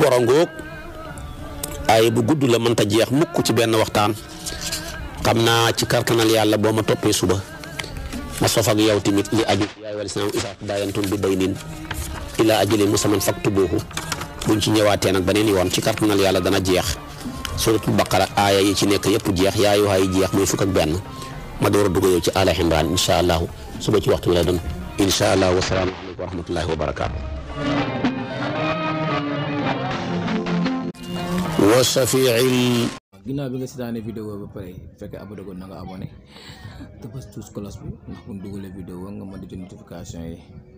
borongoog e, ay bu gudd la mënta jeex mukk ci benn waxtaan xam naa ci kartanal yàlla boo ma toppee suba ma sof ak yow tamit li aju yaay wal islam isaaq daayantum bi daynin ila ajalin musamman faktubuhu buñ ci ñëwaatee nag beneen yoon ci kàttanal yàlla dana jeex suratul baqara aaya yi ci nekk yëpp jeex yaayu waay jeex muy fukk ak benn ma door a dugg yow ci Aali Imraan incha allahu suba ci waxtu bi la doon incha allahu wasalaamu aleykum wa rahmatullahi wa barakaatu. wa shafiil. bi nga seetaanee vidéo ba pare fekk abonné ko na nga abonné te bës tuuti cloche bi ndax bu ñu dugalee vidéo nga mën di jot notification yi.